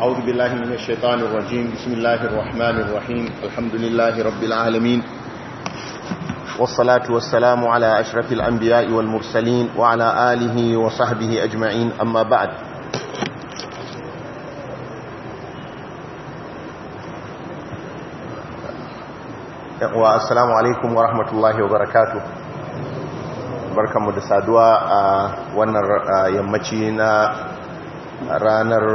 أعوذ بالله من الشيطان الرجيم بسم الله الرحمن الرحيم الحمد لله رب العالمين والصلاة والسلام على أشرف الأنبياء والمرسلين وعلى آله وصحبه أجمعين أما بعد السلام عليكم ورحمة الله وبركاته barkanmu da saduwa a wannan yammaci na ranar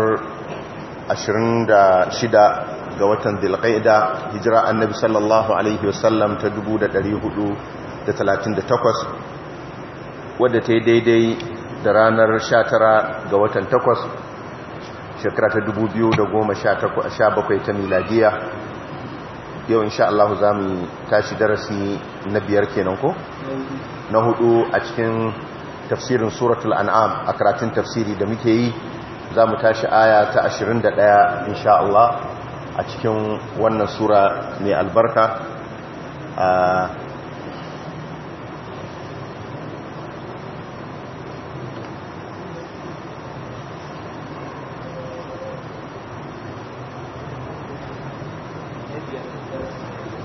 26 ga watan zilƙaida hijira annabi sallallahu alaihi wasallam ta 438 wadda ta yi daidai da ranar 19 ga watan 8 shekara ta 2017 ta miladiya yau insha Allah za mu tashi darasi na biyar kenan ko? na hudu a cikin tafsirin suratul an'am a karatun tafsiri da muke yi za mu tashi aya ta ashirin 21 insha Allah a cikin wannan sura mai albarka a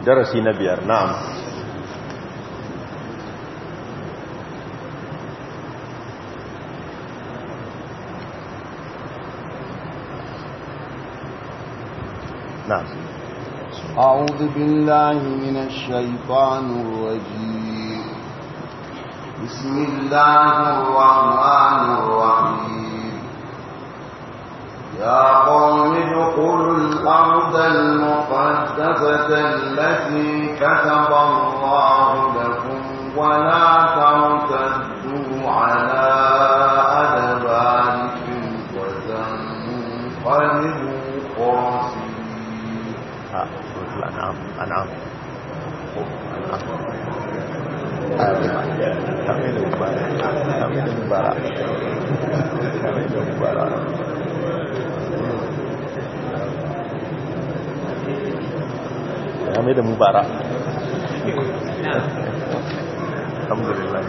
darasi na biyar na'am نعم أعوذ بالله من الشيطان الرجيم بسم الله الرحمن الرحيم يا قوم ادخلوا الأرض المقدسة التي كتب الله لكم ولا ترتدوا على Kami lupa Kami lupa Kami lupa Kami ada mubarak Alhamdulillah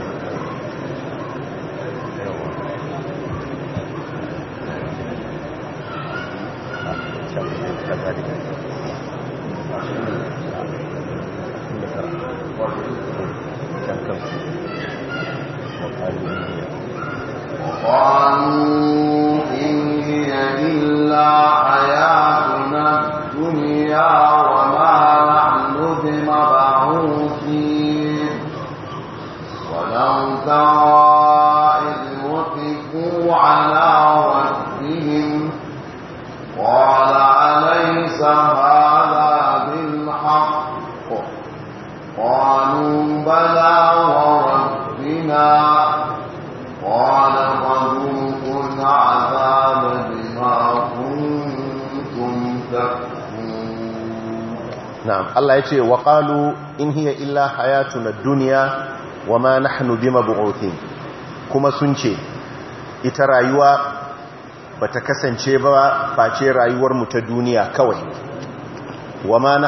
Insya Allah Kita berhati ce wa ƙalu in hiya illa duniya wa ma na wama nahnu bimab'uthin kuma sun ce ita rayuwa ba ta kasance ba face rayuwar mu ta duniya kawai wa ma na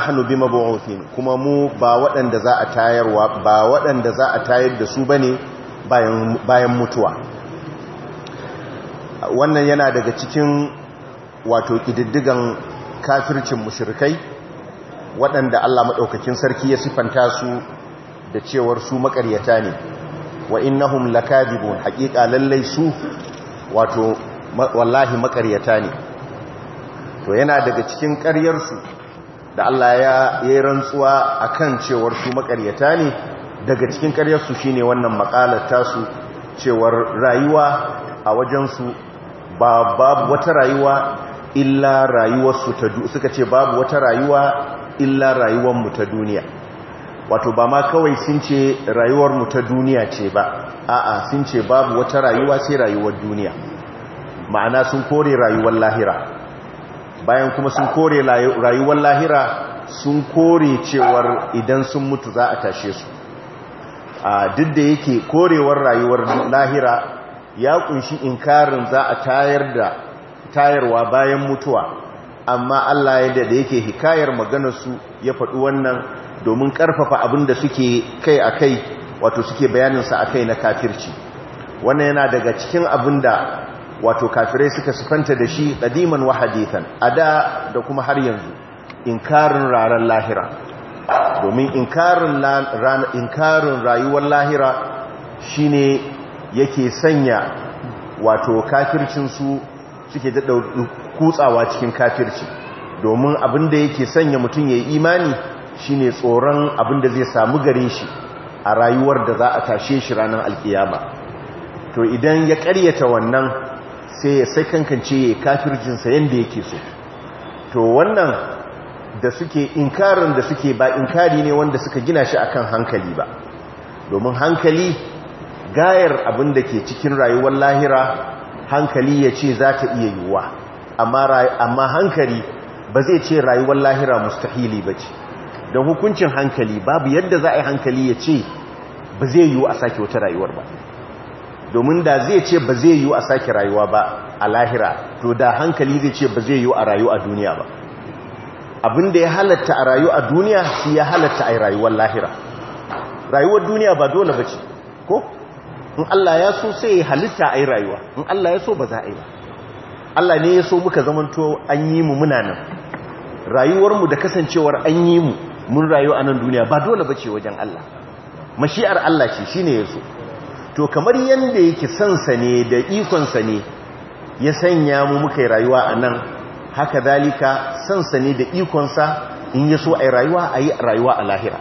kuma mu ba waɗanda za a ba waɗanda za a tayar da su ba ne bayan mutuwa wannan yana daga cikin wato ƙididdigan kafircin mushrikai waɗanda Allah maɗaukakin sarki ya sifanta su da cewar su makaryata ne wa innahum lakadibun haƙiƙa lallai su wato wallahi makaryata ne to yana daga cikin ƙaryarsu da Allah ya yi rantsuwa kan cewar su makaryata ne daga cikin ƙaryarsu shine wannan maƙalatasu su cewar rayuwa a wajensu ba babu wata rayuwa illa rayuwarsu ta duk suka ce babu wata rayuwa illa rayuwarmu ta duniya wato ba ma kawai sun ce rayuwarmu ta duniya ce ba a'a sun ce babu wata rayuwa sai rayuwar duniya ma'ana sun kore rayuwar lahira bayan kuma sun kore rayuwar lahira sun kore cewar idan sun mutu za a tashe su a duk da yake korewar rayuwar lahira ya kunshi inkarin za a tayar da tayarwa bayan mutuwa amma Allah yadda da yake hikayar maganarsu ya faɗi wannan domin ƙarfafa abin da suke kai a kai wato suke bayaninsa a kai na kafirci wannan yana daga cikin abin da wato kafirai suka sufanta da shi ɗadiman wa hadithan a da da kuma har yanzu inkarin ranar lahira domin inkarin rayuwar lahira shine yake sanya wato kafircinsu suke daɗa kutsawa cikin kafirci domin abin da yake sanya mutum ya yi imani shine tsoron abin da zai samu gare shi a rayuwar da za a tashe shi ranar alkiyama to idan ya karyata wannan sai ya sai kankance ya kafircinsa yadda yake so to wannan da suke inkarin da suke ba inkari ne wanda suka gina shi akan hankali ba domin hankali gayar abin da ke cikin rayuwar lahira hankali ya ce za ta iya yiwuwa amma hankali ba zai ce rayuwar lahira mustahili ba ce don hukuncin hankali babu yadda za a yi hankali ya ce ba zai yiwu a sake wata rayuwar ba domin da zai ce ba zai yiwu a sake rayuwa ba a lahira to da hankali zai ce ba zai yiwu a rayu a duniya ba Abin da ya halatta a rayu a duniya shi ya halatta a rayuwar lahira rayuwar duniya ba dole ba ce ko in Allah ya so sai halitta a yi rayuwa in Allah ya so ba za a yi ba Allah ne ya so muka zamanto an yi mu muna nan rayuwarmu da kasancewar an yi mu mun rayu a nan duniya ba dole ba ce wajen Allah mashi'ar Allah ce shi ne ya so to kamar yadda yake sansa ne da ikonsa ne ya sanya mu muka rayuwa a nan haka dalika sansa ne da ikonsa in ya so a rayuwa a yi rayuwa a lahira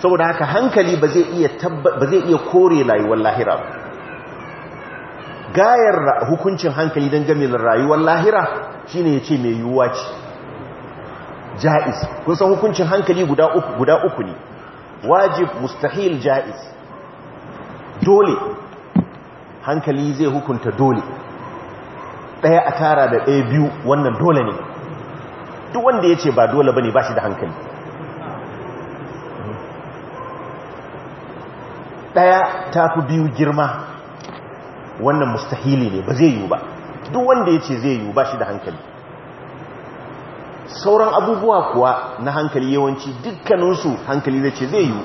saboda haka hankali ba zai iya kore rayuwar lahira ba gayar hukuncin hankali don gami da rayuwar lahira shine ya ce mai yiwuwa ce ja'iz kun san hukuncin hankali guda uku guda ne wajib mustahil ja'iz dole hankali zai hukunta dole ɗaya a tara da ɗaya biyu wannan dole ne duk wanda ya ce ba dole ba ne ba shi da hankali ɗaya ta fi biyu girma wannan mustahili ne ba zai yiwu ba duk wanda ya ce zai yiwu ba shi da hankali sauran abubuwa kuwa na hankali yawanci dukkaninsu hankali zai ce zai yiwu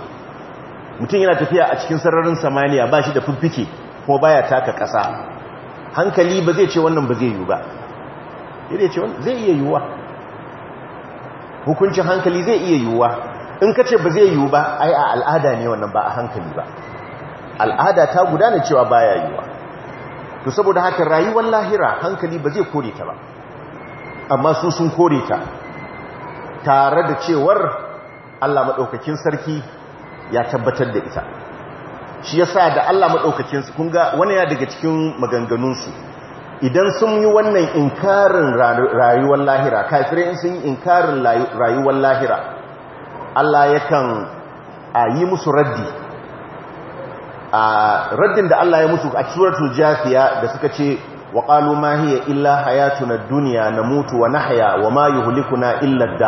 mutum yana tafiya a cikin sararin samaniya ba shi da fiffike ko baya taka ƙasa hankali ba zai ce wannan ba zai yiwu ba zai ce zai iya yiwuwa hukuncin hankali zai iya yiwuwa in ka ce ba zai yiwu ba ai a al'ada ne wannan ba a hankali ba al'ada ta gudana cewa baya yiwuwa to saboda haka rayuwar lahira hankali ba zai kore ta ba amma su sun kore ta tare da cewar Allah maɗaukakin sarki ya tabbatar da ita shi ya sa da Allah maɗaukakin kun ga wani ya daga cikin maganganunsu idan sun yi wannan inkarin rayuwar lahira kafirai sun yi inkarin rayuwar lahira Allah yakan a yi musu raddi a raddin da Allah ya mutu a suratul jafiya da suka ce wa qalu ma hiya illa hayatuna dunya namutu wa nahya wa ma yuhlikuna illa ad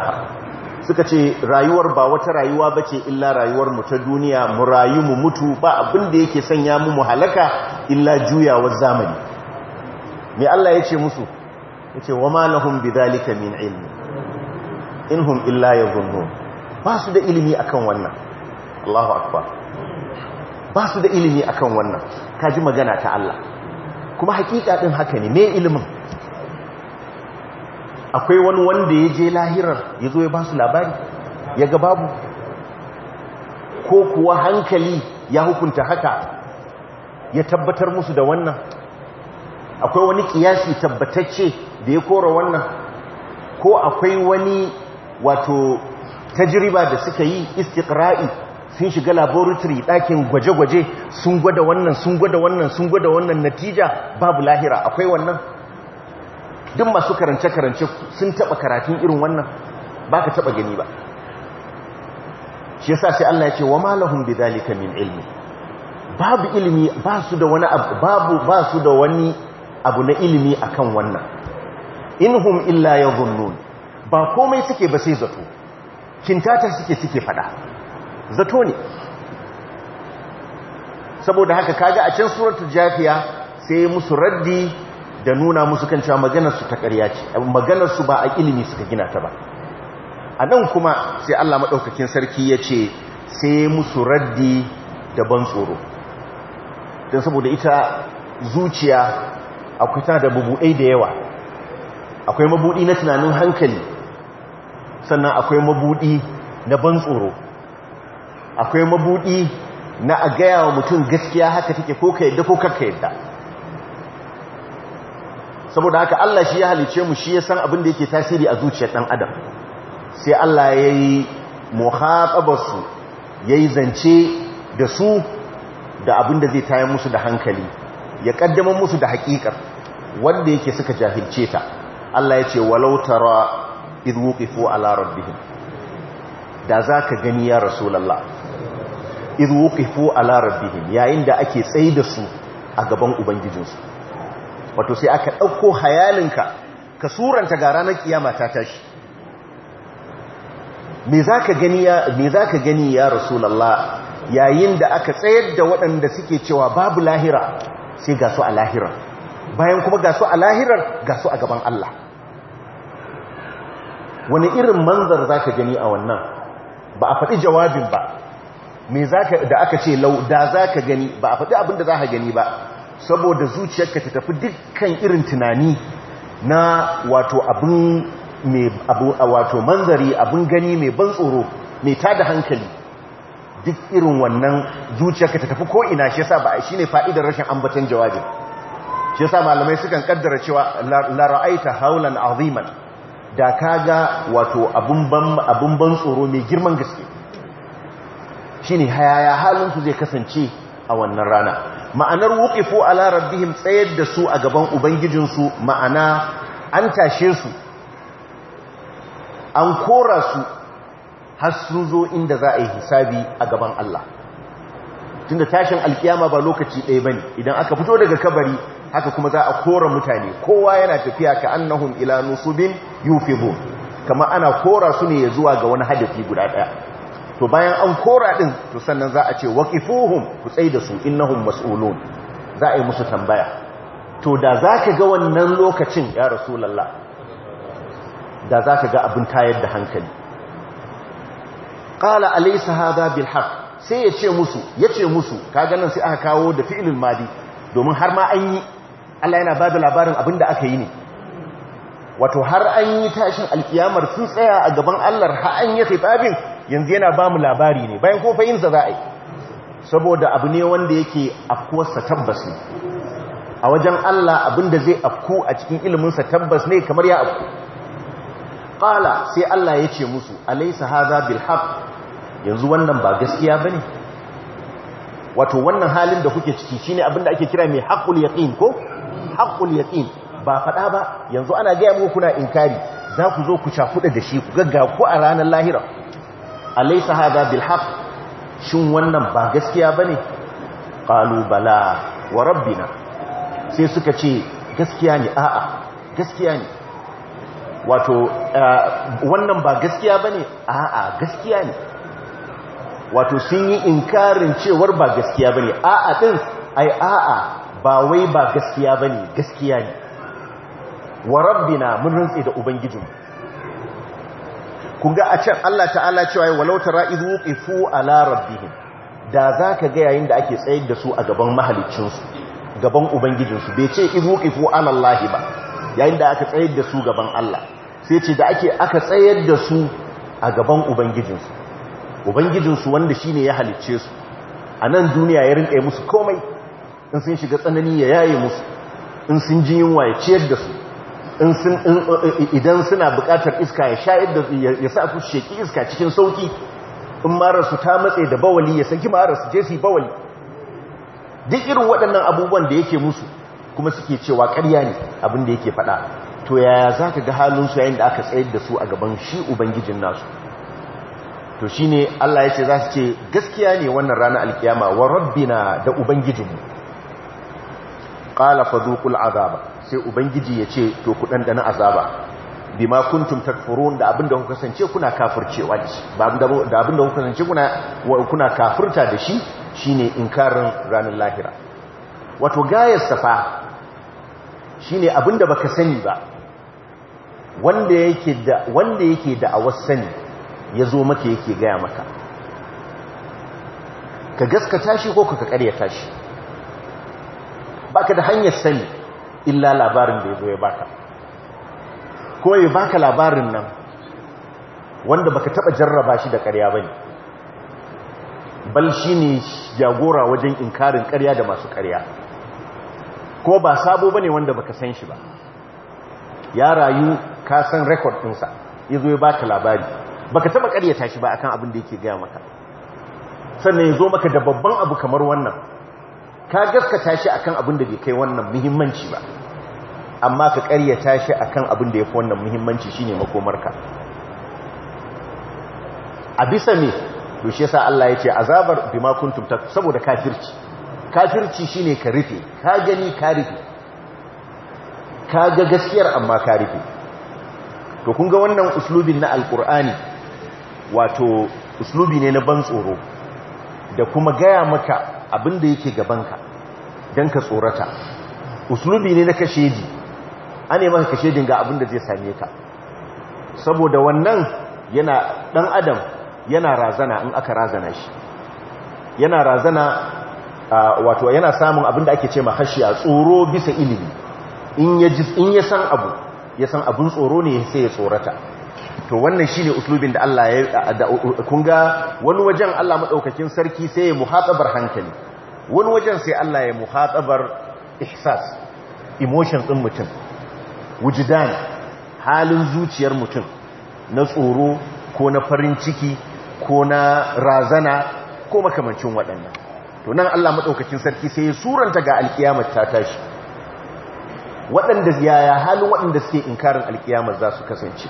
suka ce rayuwar ba wata rayuwa bace illa rayuwar mu ta duniya mu rayu mu mutu ba abinda da yake sanya mu mu halaka illa juyawar zamani me Allah yace musu yace wa ma lahum bidhalika min ilmi inhum illa yadhunnun ba su da ilimi akan wannan Allahu akbar ba su da ilimi akan wannan ka ji magana ta Allah kuma hakika din haka ne me ilimin akwai wani wanda ya je lahirar ya zo ya ba su labari ya ga babu ko kuwa hankali ya hukunta haka ya tabbatar musu da wannan akwai wani kiyasi tabbatacce da ya kora wannan ko akwai wani wato tajriba da suka yi istiqra'i sun shiga laboratory ɗakin gwaje-gwaje sun gwada wannan sun gwada wannan sun gwada wannan natija babu lahira akwai wannan duk masu karance-karance sun taɓa karatun irin wannan ba ka taɓa gani ba shi yasa sai Allah ya ce wa malahum bidhalika min ilmi babu ilimi ba su da wani abu babu ba su da wani abu na ilimi akan wannan inhum illa yadhunnun ba komai suke ba sai zato kintata suke suke fada zato ne saboda haka kaga a can suratul jafiya sai musu raddi da nuna musu kan cewa maganar su ta ƙarya ce maganar su ba a ilimi suka gina ta ba a nan kuma sai Allah madaukakin sarki ya ce sai musu raddi da ban tsoro don saboda ita zuciya akwai tana da bubuɗai da yawa akwai mabuɗi na tunanin hankali sannan akwai mabuɗi na ban tsoro akwai mabudi na a gaya wa mutum gaskiya haka take ko ka yadda ko karka yadda saboda haka Allah shi ya halice mu shi ya san abin da yake tasiri a zuciyar ɗan adam sai Allah ya yi muhaqabarsu ya yi zance da su da abin da zai tayar musu da hankali ya ƙaddamar musu da haƙiƙar wanda yake suka jahilce ta Allah ya ce walautara idwuqifu ala rabbihim da zaka gani ya rasu lalla. idh a larar rabbihim yayin da ake tsayi da su a gaban ubangijinsu wato sai aka ɗauko hayalinka ka suranta ga ranar kiyama ta tashi me za gani ya rasu gani ya rasulallah yayin da aka tsayar da waɗanda suke cewa babu lahira sai ga su a lahirar bayan kuma ga su a lahirar ga su a gaban Allah wani irin manzar za ka gani a wannan ba a faɗi jawabin ba me zaka da aka ce lau da zaka gani ba a faɗi abin da zaka gani ba saboda zuciyarka ta tafi dukkan irin tunani na wato abin mai wato manzari abin gani mai ban tsoro mai tada hankali duk irin wannan zuciyarka ta tafi ko ina shi yasa ba shine fa'idar rashin ambaton jawabi shi yasa malamai sukan kaddara cewa la ra'aita haulan aziman da kaga wato abun ban abun ban tsoro mai girman gaske shine hayaya halin su zai kasance a wannan rana ma'anar wuqifu ala rabbihim tsayar da su a gaban ubangijinsu ma'ana an tashe su an kora su har sun zo inda za a yi hisabi a gaban Allah tunda tashin alkiyama ba lokaci ɗaya ne idan aka fito daga kabari haka kuma za a kora mutane kowa yana tafiya ka annahum ila nusubin bu. kama ana kora su ne zuwa ga wani hadafi guda ɗaya to bayan an kora din to sannan za a ce waqifuhum ku tsai da su innahum mas'ulun za a yi musu tambaya to da zaka ga wannan lokacin ya rasulullah da zaka ga abin tayar da hankali qala alaysa hadha bil haqq sai yace musu ya ce musu kaga nan sai aka kawo da fi'ilin madi domin har ma an yi Allah yana ba labarin abin da aka yi ne wato har an yi tashin alkiyamar sun tsaya a gaban Allah har an yi tsabin yanzu yana ba mu labari ne bayan kofa yin za yi saboda abu ne wanda yake afkuwarsa tabbas ne a wajen Allah abinda zai afku a cikin iliminsa tabbas ne kamar ya afku ƙala sai Allah ya ce musu alaisa haza yanzu wannan ba gaskiya ba ne wato wannan halin da kuke ciki shi shine da ake kira mai haƙul yaƙin ko haƙul yaƙin ba faɗa ba yanzu ana gaya muku kuna inkari za ku zo ku cakuɗa da shi ku gaggawa a ranar lahira alaysa Hada bil haqq shin wannan ba gaskiya bane qalu bala wa rabbina sai suka ce gaskiya ne a'a gaskiya ne wato eh, wannan ba gaskiya bane a'a gaskiya ne wato sun yi inkarin cewar ba gaskiya bane a'a din ai a'a ba wai ba gaskiya bane gaskiya ne wa rabbina mun rantsi da ubangijinmu Ku ga a can Allah ta'ala cewa wa walau tara idh wuqifu ala rabbihim da zaka ga yayin da ake tsayar da su a gaban mahaliccinsu gaban ubangijinsu bai ce idh wuqifu ala Allah ba yayin da aka tsayar da su gaban Allah sai ce da ake aka tsayar da su a gaban ubangijinsu ubangijinsu wanda shi ne ya halicce su a nan duniya ya rinƙa musu komai in sun shiga tsanani ya yaye musu in sun ji yunwa ya ciyar da su idan suna bukatar iska ya sha ya sa su sheki iska cikin sauki in su ta matse da bawali ya saki mararsu je su bawali duk irin waɗannan abubuwan da yake musu kuma suke cewa karya ne abin da yake faɗa to yaya za ka ga halinsu yayin da aka tsayar da su a gaban shi ubangijin nasu to shi ne Allah ya ce za su ce gaskiya ne wannan ranar alkiyama wa na da ubangijinmu qala fadhuqul azaba sai ubangiji ya ce to ku dan dana azaba bima kuntum takfurun da abinda kuka sance kuna kafircewa da shi ba da abinda kuka sance kuna kuna kafirta da shine inkarin ranar lahira wato gayar safa shine abinda baka sani ba wanda yake da wanda yake da sani yazo maka yake gaya maka ka gaskata shi ko ka karyata tashi. baka da hanyar sani illa labarin da ya zo ya baka ko ya baka labarin nan wanda baka taba jarraba shi da ƙarya ba ne bal shi ne jagora wajen inkarin ƙarya da masu ƙarya ko ba sabo ba ne wanda baka san shi ba ya rayu ka san record ɗinsa zo ya baka labari baka taba ƙaryata shi ba akan abin da yake gaya maka sannan ya zo maka da babban abu kamar wannan ka gaskata shi akan abin da bai kai wannan muhimmanci ba amma ka tashi shi akan abin da ya fi wannan muhimmanci shine makomarka a bisa ne to shi yasa Allah ya ce azabar bima kuntum ta saboda kafirci kafirci shine ka rufe ka gani ka rufe ka ga gaskiyar amma ka rufe to kun ga wannan uslubin na alkur'ani wato uslubi ne na ban tsoro da kuma gaya maka abin da yake gabanka don ka tsorata usulubi ne na kashedi an yi maka kashedin ga abin da zai same ka saboda wannan yana dan adam yana razana in aka razana shi yana razana wato yana samun abin da ake ce ma hashiya tsoro bisa ilimi in ya san abu ya san abin tsoro ne sai ya tsorata to wannan shine uslubin da Allah ya kun ga wani wajen Allah madaukakin sarki sai ya muhatabar hankali wani wajen sai Allah ya muhatabar ihsas emotion din mutum wujudan halin zuciyar mutum na tsoro ko na farin ciki ko na razana ko makamancin waɗannan to nan Allah madaukakin sarki sai ya suranta ga alƙiyamar ta tashi waɗanda yaya halin waɗanda suke inkarin alƙiyamar za su kasance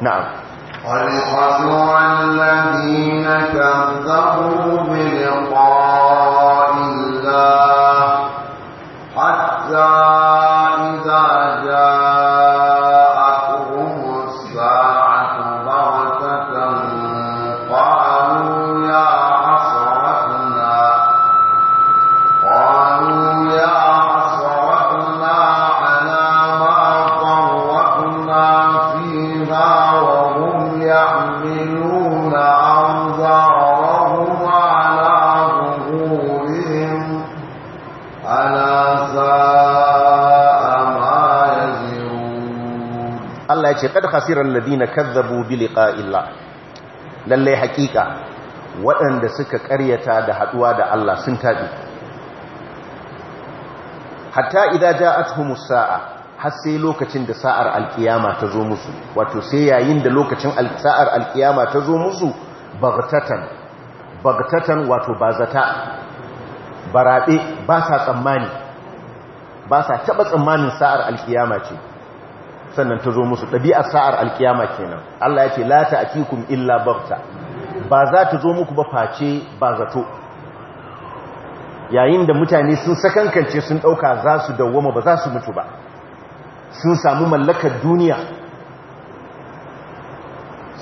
na'am قد خسر الذين كذبوا بلقاء الله حتى إذا جاءوا ce kad khasiral ladina kazzabu bi Illa lalle hakika waɗanda suka ƙaryata da haduwa da Allah sun tabi hatta idza ja'atuhumus sa'a har sai lokacin da sa'ar alkiyama ta zo musu wato sai yayin da lokacin sa'ar alkiyama ta zo musu bagtatan bagtatan wato bazata barabe ba sa tsammani ba sa taba tsammanin sa'ar alkiyama ce sannan ta zo musu ɗabi'ar sa'ar alkiyama kenan Allah ya ce la ta'tikum illa bauta ba za ta zo muku ba face ba zato yayin da mutane sun sakankance sun ɗauka za su dawwama ba za su mutu ba sun samu mallakar duniya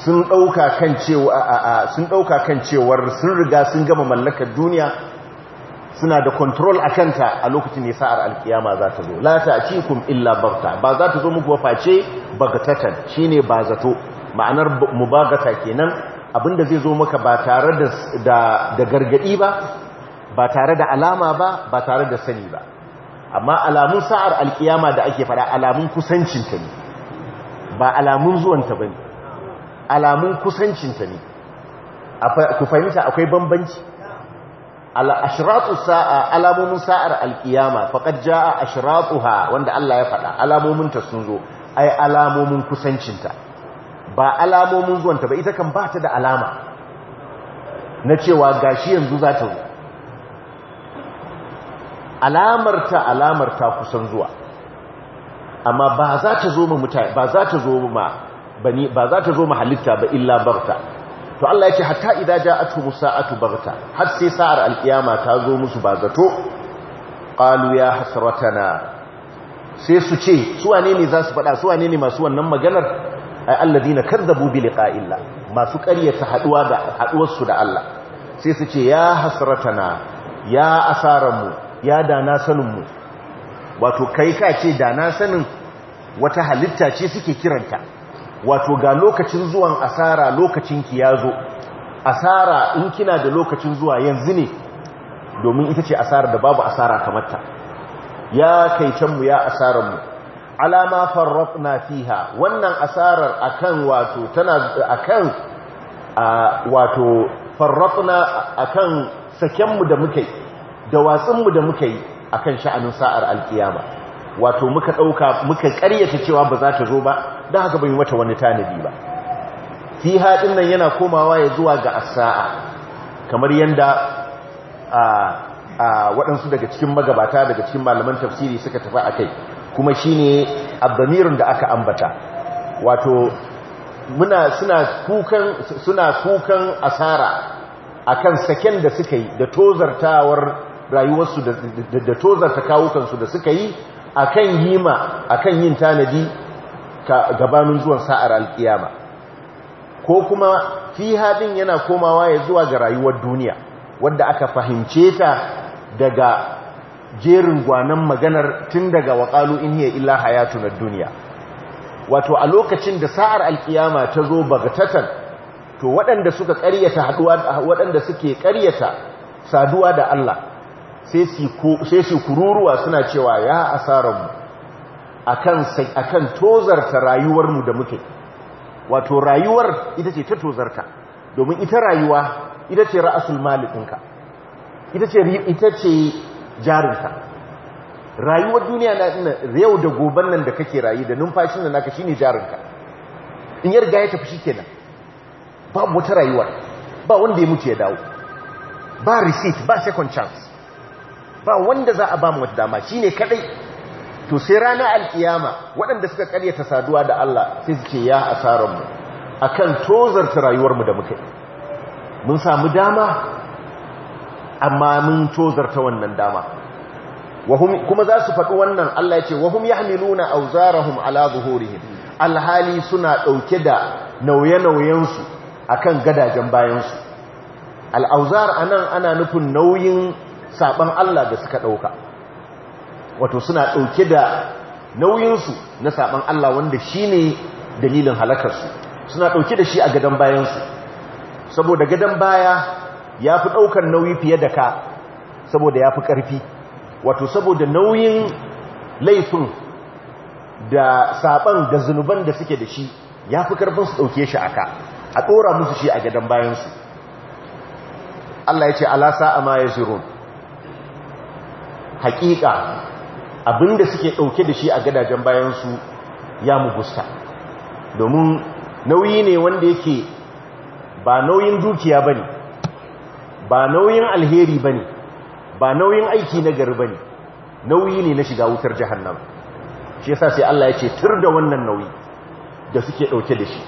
sun ɗauka kan cewar sun riga sun gama mallakar duniya suna da control a kanta a lokacin ne sa'ar alkiyama za ta zo la ta'tikum illa barta ba za ta zo muku ba face bagatatan shine ba zato ma'anar mubagata kenan abinda zai zo maka ba tare da da gargadi ba ba tare da alama ba ba tare da sani ba amma alamun sa'ar alkiyama da ake fada alamun kusancinta ne ba alamun zuwanta bane alamun kusancinta ne ku fahimta akwai bambanci ashratu sa'a alamomin sa'ar alkiyama faqad jaa ashratuha wanda Allah ya faɗa alamomin ta sun zo ai alamomin kusancinta ba alamomin zuwanta ba ita kan ba ta da alama na cewa gashi yanzu za ta zo alamar ta alamar ta kusan zuwa amma ba za ta zo ma mutane ba za ta zo ma ba za ta zo ma halitta ba illa barta to Allah ya ce hatta idza ja'atu musa'atu baghta har sai sa'ar alkiyama ta zo musu bazato zato qalu ya hasratana sai su ce su wane ne za su faɗa su wane ne masu wannan maganar ay alladina kadzabu bi liqa'illah masu ƙaryata haduwa da haduwar su da Allah sai su ce ya hasratana ya asaranmu ya dana saninmu wato kai ka ce dana sanin wata halitta ce suke kiranta wato ga lokacin zuwan asara lokacin ki ya zo asara in kina da lokacin zuwa yanzu ne domin ita ce asara da babu asara kamar ta ya kai canmu ya asararmu alama farrafna fiha wannan asarar akan wato tana akan wato farrafna akan sakenmu da muka yi da watsinmu da muka yi akan sha'anin sa'ar alkiyama wato muka dauka muka ƙaryata cewa ba za ta zo ba Da haka bai mata wani tanadi ba fi haɗin nan yana komawa ya zuwa ga asa'a kamar yadda a waɗansu daga cikin magabata daga cikin malaman tafsiri suka tafi a kai kuma shi ne abdamirin da aka ambata wato muna suna kukan asara akan saken da suka yi da tozartawar rayuwarsu da tozarta kawukansu da suka yi akan hima akan yin tanadi gabanin zuwan sa'ar alƙiyama ko kuma fi haɗin yana komawa ya zuwa ga rayuwar duniya wadda aka fahimce ta daga jerin gwanan maganar tun daga waƙalu in yi illa hayatu na duniya wato a lokacin da sa'ar alƙiyama ta zo bagatatan to waɗanda suka ƙaryata haɗuwa waɗanda suke ƙaryata saduwa da Allah sai su kururuwa suna cewa ya asaranmu akan tozarta rayuwarmu da muke wato rayuwar ita ce ta tozarta domin ita rayuwa ita ce ra'asul malikinka ita ce ita jarinka rayuwar duniya na yau da goban nan da kake rayu da numfashin da naka shine jarinka in ya ga ya tafi shikenan babu wata rayuwar ba wanda ya mutu ya dawo ba receipt ba second chance ba wanda za a ba mu wata dama shine kadai to sai ranar alkiyama waɗanda suka karyata saduwa da Allah sai su ce ya asararmu a kan tozarta rayuwarmu da muka mun samu dama amma mun tozarta wannan dama kuma za su faɗi wannan Allah ya ce wahum yahmiluna auzarahum ala zuhurihim alhali suna ɗauke da nauye-nauyensu a kan gadajen bayansu al'auzar nan ana nufin nauyin sabon Allah da suka ɗauka wato suna ɗauke da nauyinsu na saɓan Allah wanda shi ne dalilin halakarsu suna ɗauke da shi a gadon bayansu saboda gadon baya ya fi ɗaukar nauyi fiye da ka saboda ya fi ƙarfi wato saboda nauyin laifin da saɓan da zunuban da suke da shi ya fi ƙarfin su ɗauke shi a ka a ɗora musu shi a gadon bayansu Allah ya ce alasa a ma ya ziro haƙiƙa abinda suke dauke da shi a gadajen bayansu ya mugusta domin nauyi ne wanda yake ba nauyin dukiya bane ba nauyin alheri bane ba nauyin aiki na gari bane nauyi ne na shiga wutar jahannama shi yasa sai Allah ya ce tur da wannan nauyi da suke dauke da shi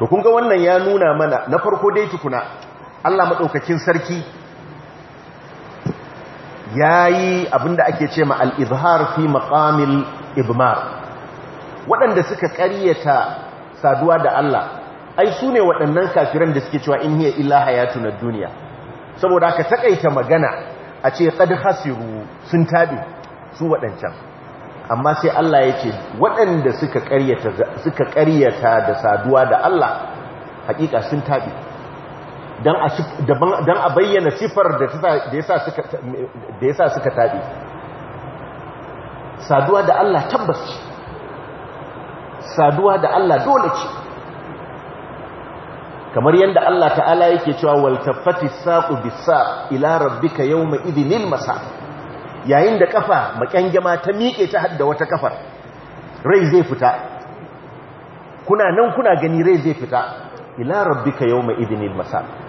to kun ga wannan ya nuna mana na farko dai tukuna Allah madaukakin sarki yayi abinda ake ce ma al-izhar fi makamil ibmar waɗanda suka ƙaryata saduwa da Allah ai su ne waɗannan kafiran da suke cewa in yi ila hayatu na duniya saboda aka taƙaita magana a ce ƙad hasiru sun tabe su waɗancan amma sai Allah ya ce waɗanda suka ƙaryata da saduwa da Allah hakika sun tabe don a bayyana siffar da ya sa suka taɓe saduwa da Allah tabbas ce saduwa da Allah dole ce kamar yadda Allah ta'ala yake cewa waltaffati saƙu, bisa ila rabbika yawma idinin masa yayin da kafa makyangama ta miƙe ta hadda wata kafar rai zai fita kuna nan kuna gani rai zai fita ila rabbika yawma idinin masa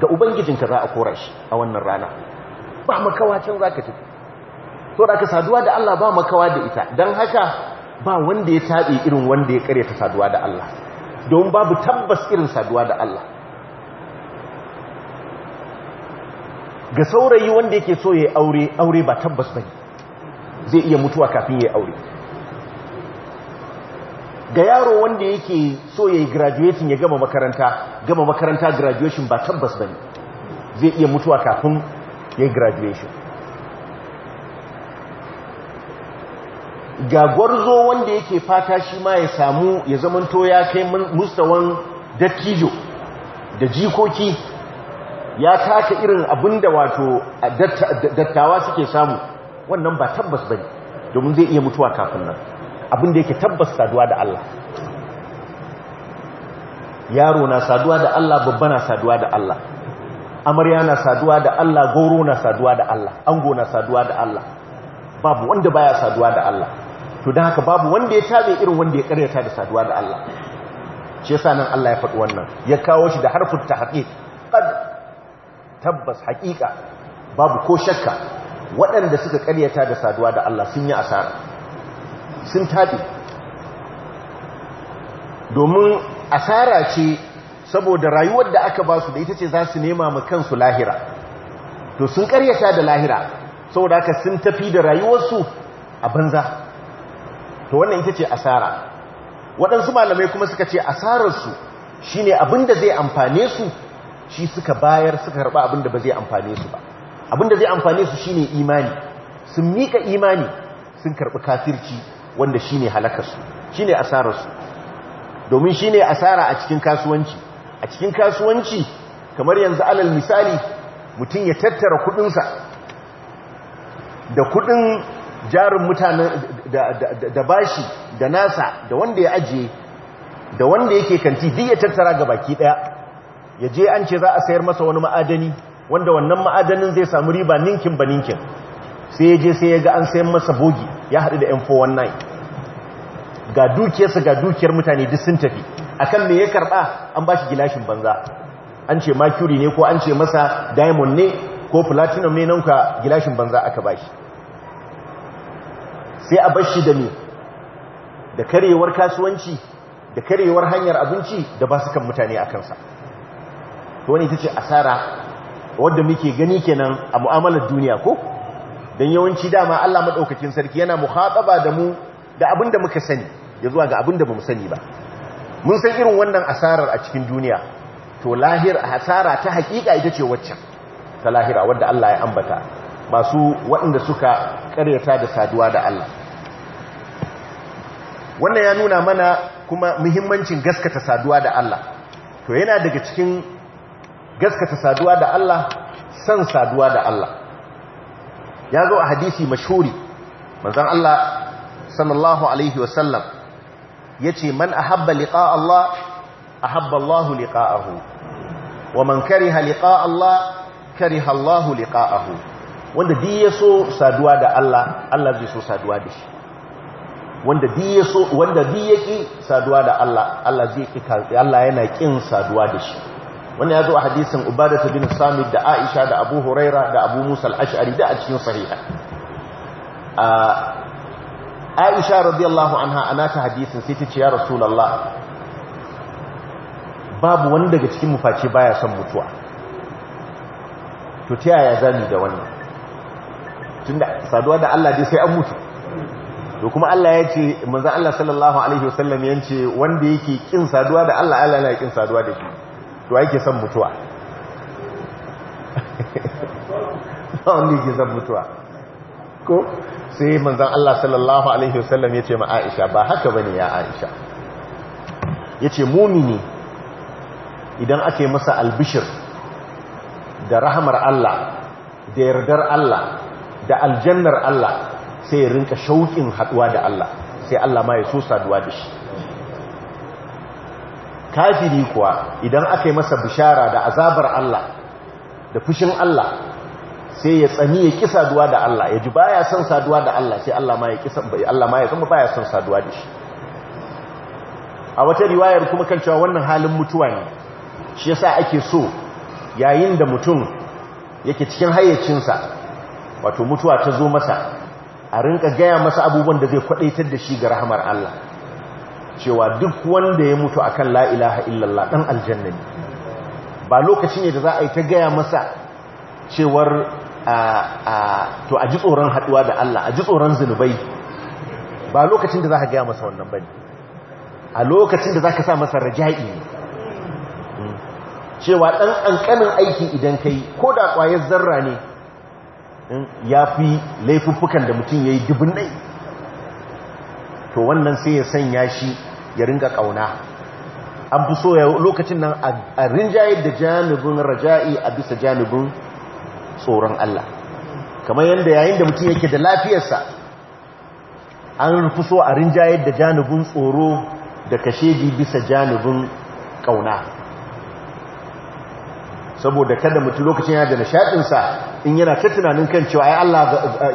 ga ubangijinka za a kora shi a wannan rana ba makawa can za ka tafi to da ka saduwa da Allah ba makawa da ita don haka ba wanda ya taɓe irin wanda ya ta saduwa da Allah don babu tabbas irin saduwa da Allah ga saurayi wanda yake so ya yi aure aure ba tabbas ba ne. zai iya mutuwa kafin ya yi aure ga yaro wanda yake so ya yi graduating ya gama makaranta gama makaranta graduation ba tabbas ba ne zai iya mutuwa kafin ya yi graduation ga gwarzo wanda yake fata shi ma ya samu ya zamanto ya kai mustawan dattijo da jikoki ya taka irin abin da wato dattawa suke samu wannan ba tabbas ba ne domin zai iya mutuwa kafin nan abin da yake tabbas saduwa da Allah yaro na saduwa da Allah babba na saduwa da Allah amarya na saduwa da Allah goro na saduwa da Allah ango na saduwa da Allah babu wanda baya saduwa da Allah to don haka babu wanda ya tabe irin wanda ya karyata da saduwa da Allah shi yasa nan Allah ya faɗi wannan ya kawo shi da harfin tahqiq qad tabbas haqiqa babu ko shakka waɗanda suka karyata da saduwa da Allah sun yi asara sun taɓe domin asara ce saboda rayuwar da aka ba su da ita ce za su nema mu kansu lahira to sun karyata da lahira saboda aka sun tafi da rayuwarsu a banza to wannan ita ce asara waɗansu malamai kuma suka ce asararsu shi ne abinda zai amfane su shi suka bayar suka harba abinda ba zai amfane su ba abinda zai amfane su shi ne imani sun miƙa imani sun karɓi kafirci wanda shine halakarsu shine asararsu domin shine asara a cikin kasuwanci a cikin kasuwanci kamar yanzu alal misali mutum ya tattara kudinsa da kudin jarin mutane da bashi da nasa da wanda ya ajiye da wanda yake kanti duk ya tattara ga baki daya ya je an ce za a sayar masa wani ma'adani wanda wannan ma'adanin zai samu riba ninkin ba ninkin sai ya je sai ya ga an sayan masa bogi ya haɗu da m419 ga dukiyarsa ga dukiyar mutane duk sun tafi a kan me ya karɓa an ba shi gilashin banza an ce mercury ne ko an ce masa diamond ne ko platinum ne ka gilashin banza aka ba shi sai a bashi da ne da karewar kasuwanci da karewar hanyar abinci da ba su kan mutane a kansa wani ita ce asara wadda muke gani kenan a mu'amalar duniya ko don yawanci dama Allah maɗaukakin sarki yana ba da mu da abin da muka sani ya zuwa ga abin da ba mu sani ba mun san irin wannan asarar a cikin duniya to lahir hasara ta hakika ita ce waccan ta lahira wadda Allah ya ambata masu waɗanda suka ƙaryata da saduwa da Allah wannan ya nuna mana kuma muhimmancin gaskata saduwa da Allah to yana daga cikin gaskata saduwa da Allah san saduwa da Allah ya zo a hadisi mashhuri manzon Allah sallallahu alaihi wasallam ce man a habba liƙa Allah a habba Allahu liƙa ahu. wa man kariha liƙa Allah kariha liƙa ahu. wanda duk so, saduwa da Allah Allah zai so saduwa da shi wanda duk yaso wanda duk yake saduwa da Allah Allah zai ki Allah yana ƙin saduwa da shi Wani ya zo a hadisin ta bin samid da aisha da abu huraira da abu musa al'ashari da a cikin sahiha aisha radiyallahu anha ana ta hadisin sai ta ciya ya babu wani daga cikin mufaci baya son mutuwa to ta yaya zani da wannan tunda saduwa da Allah dai sai an mutu to kuma Allah ya ce manzan Allah sallallahu alaihi wasallam ce, wanda yake kin saduwa da Allah Allah ya kin saduwa da shi to ake son mutuwa ba wanda yake son mutuwa ko sai manzan Allah sallallahu Alaihi wasallam ya ce ma Aisha ba haka ba ne ya Aisha ya ce mumini idan ake masa albishir da rahamar Allah da yardar Allah da aljannar Allah sai ya rinka shauƙin haɗuwa da Allah sai Allah ma ya so saduwa da shi kafiri kuwa idan aka yi masa bishara da azabar Allah da fushin Allah sai ya tsani ya ki saduwa da Allah ya ji baya son saduwa da Allah sai Allah ma ya ki Allah ma ya zama baya son saduwa da shi a wata riwayar kuma kan cewa wannan halin mutuwa ne shi yasa ake so yayin da mutum yake cikin hayyacinsa wato mutuwa ta zo masa a rinka gaya masa abubuwan da zai kwadaitar da shi ga rahamar Allah cewa duk wanda ya mutu akan la ilaha illallah dan aljanna ne ba lokaci ne da za a yi ta gaya masa cewar to a ji tsoron haduwa da Allah a ji tsoron zunubai ba lokacin da za ka gaya masa wannan bane a lokacin da za ka sa masa raja'i hmm. cewa dan ƙanƙanin aiki idan ka yi ko da kwayar zarra ne hmm, ya fi laifuffukan da mutum ya yi dubin dai. to wannan sai ya sanya shi ya ringa kauna an fi so lokacin nan a rinjaye da janibin raja'i a bisa janibin tsoron Allah kamar yadda yayin da mutum yake da lafiyarsa an fi so a rinjaye da janibin tsoro da kashe bi bisa janibin kauna saboda kada mutum lokacin yana da nishaɗinsa in yana ta tunanin kan cewa ya Allah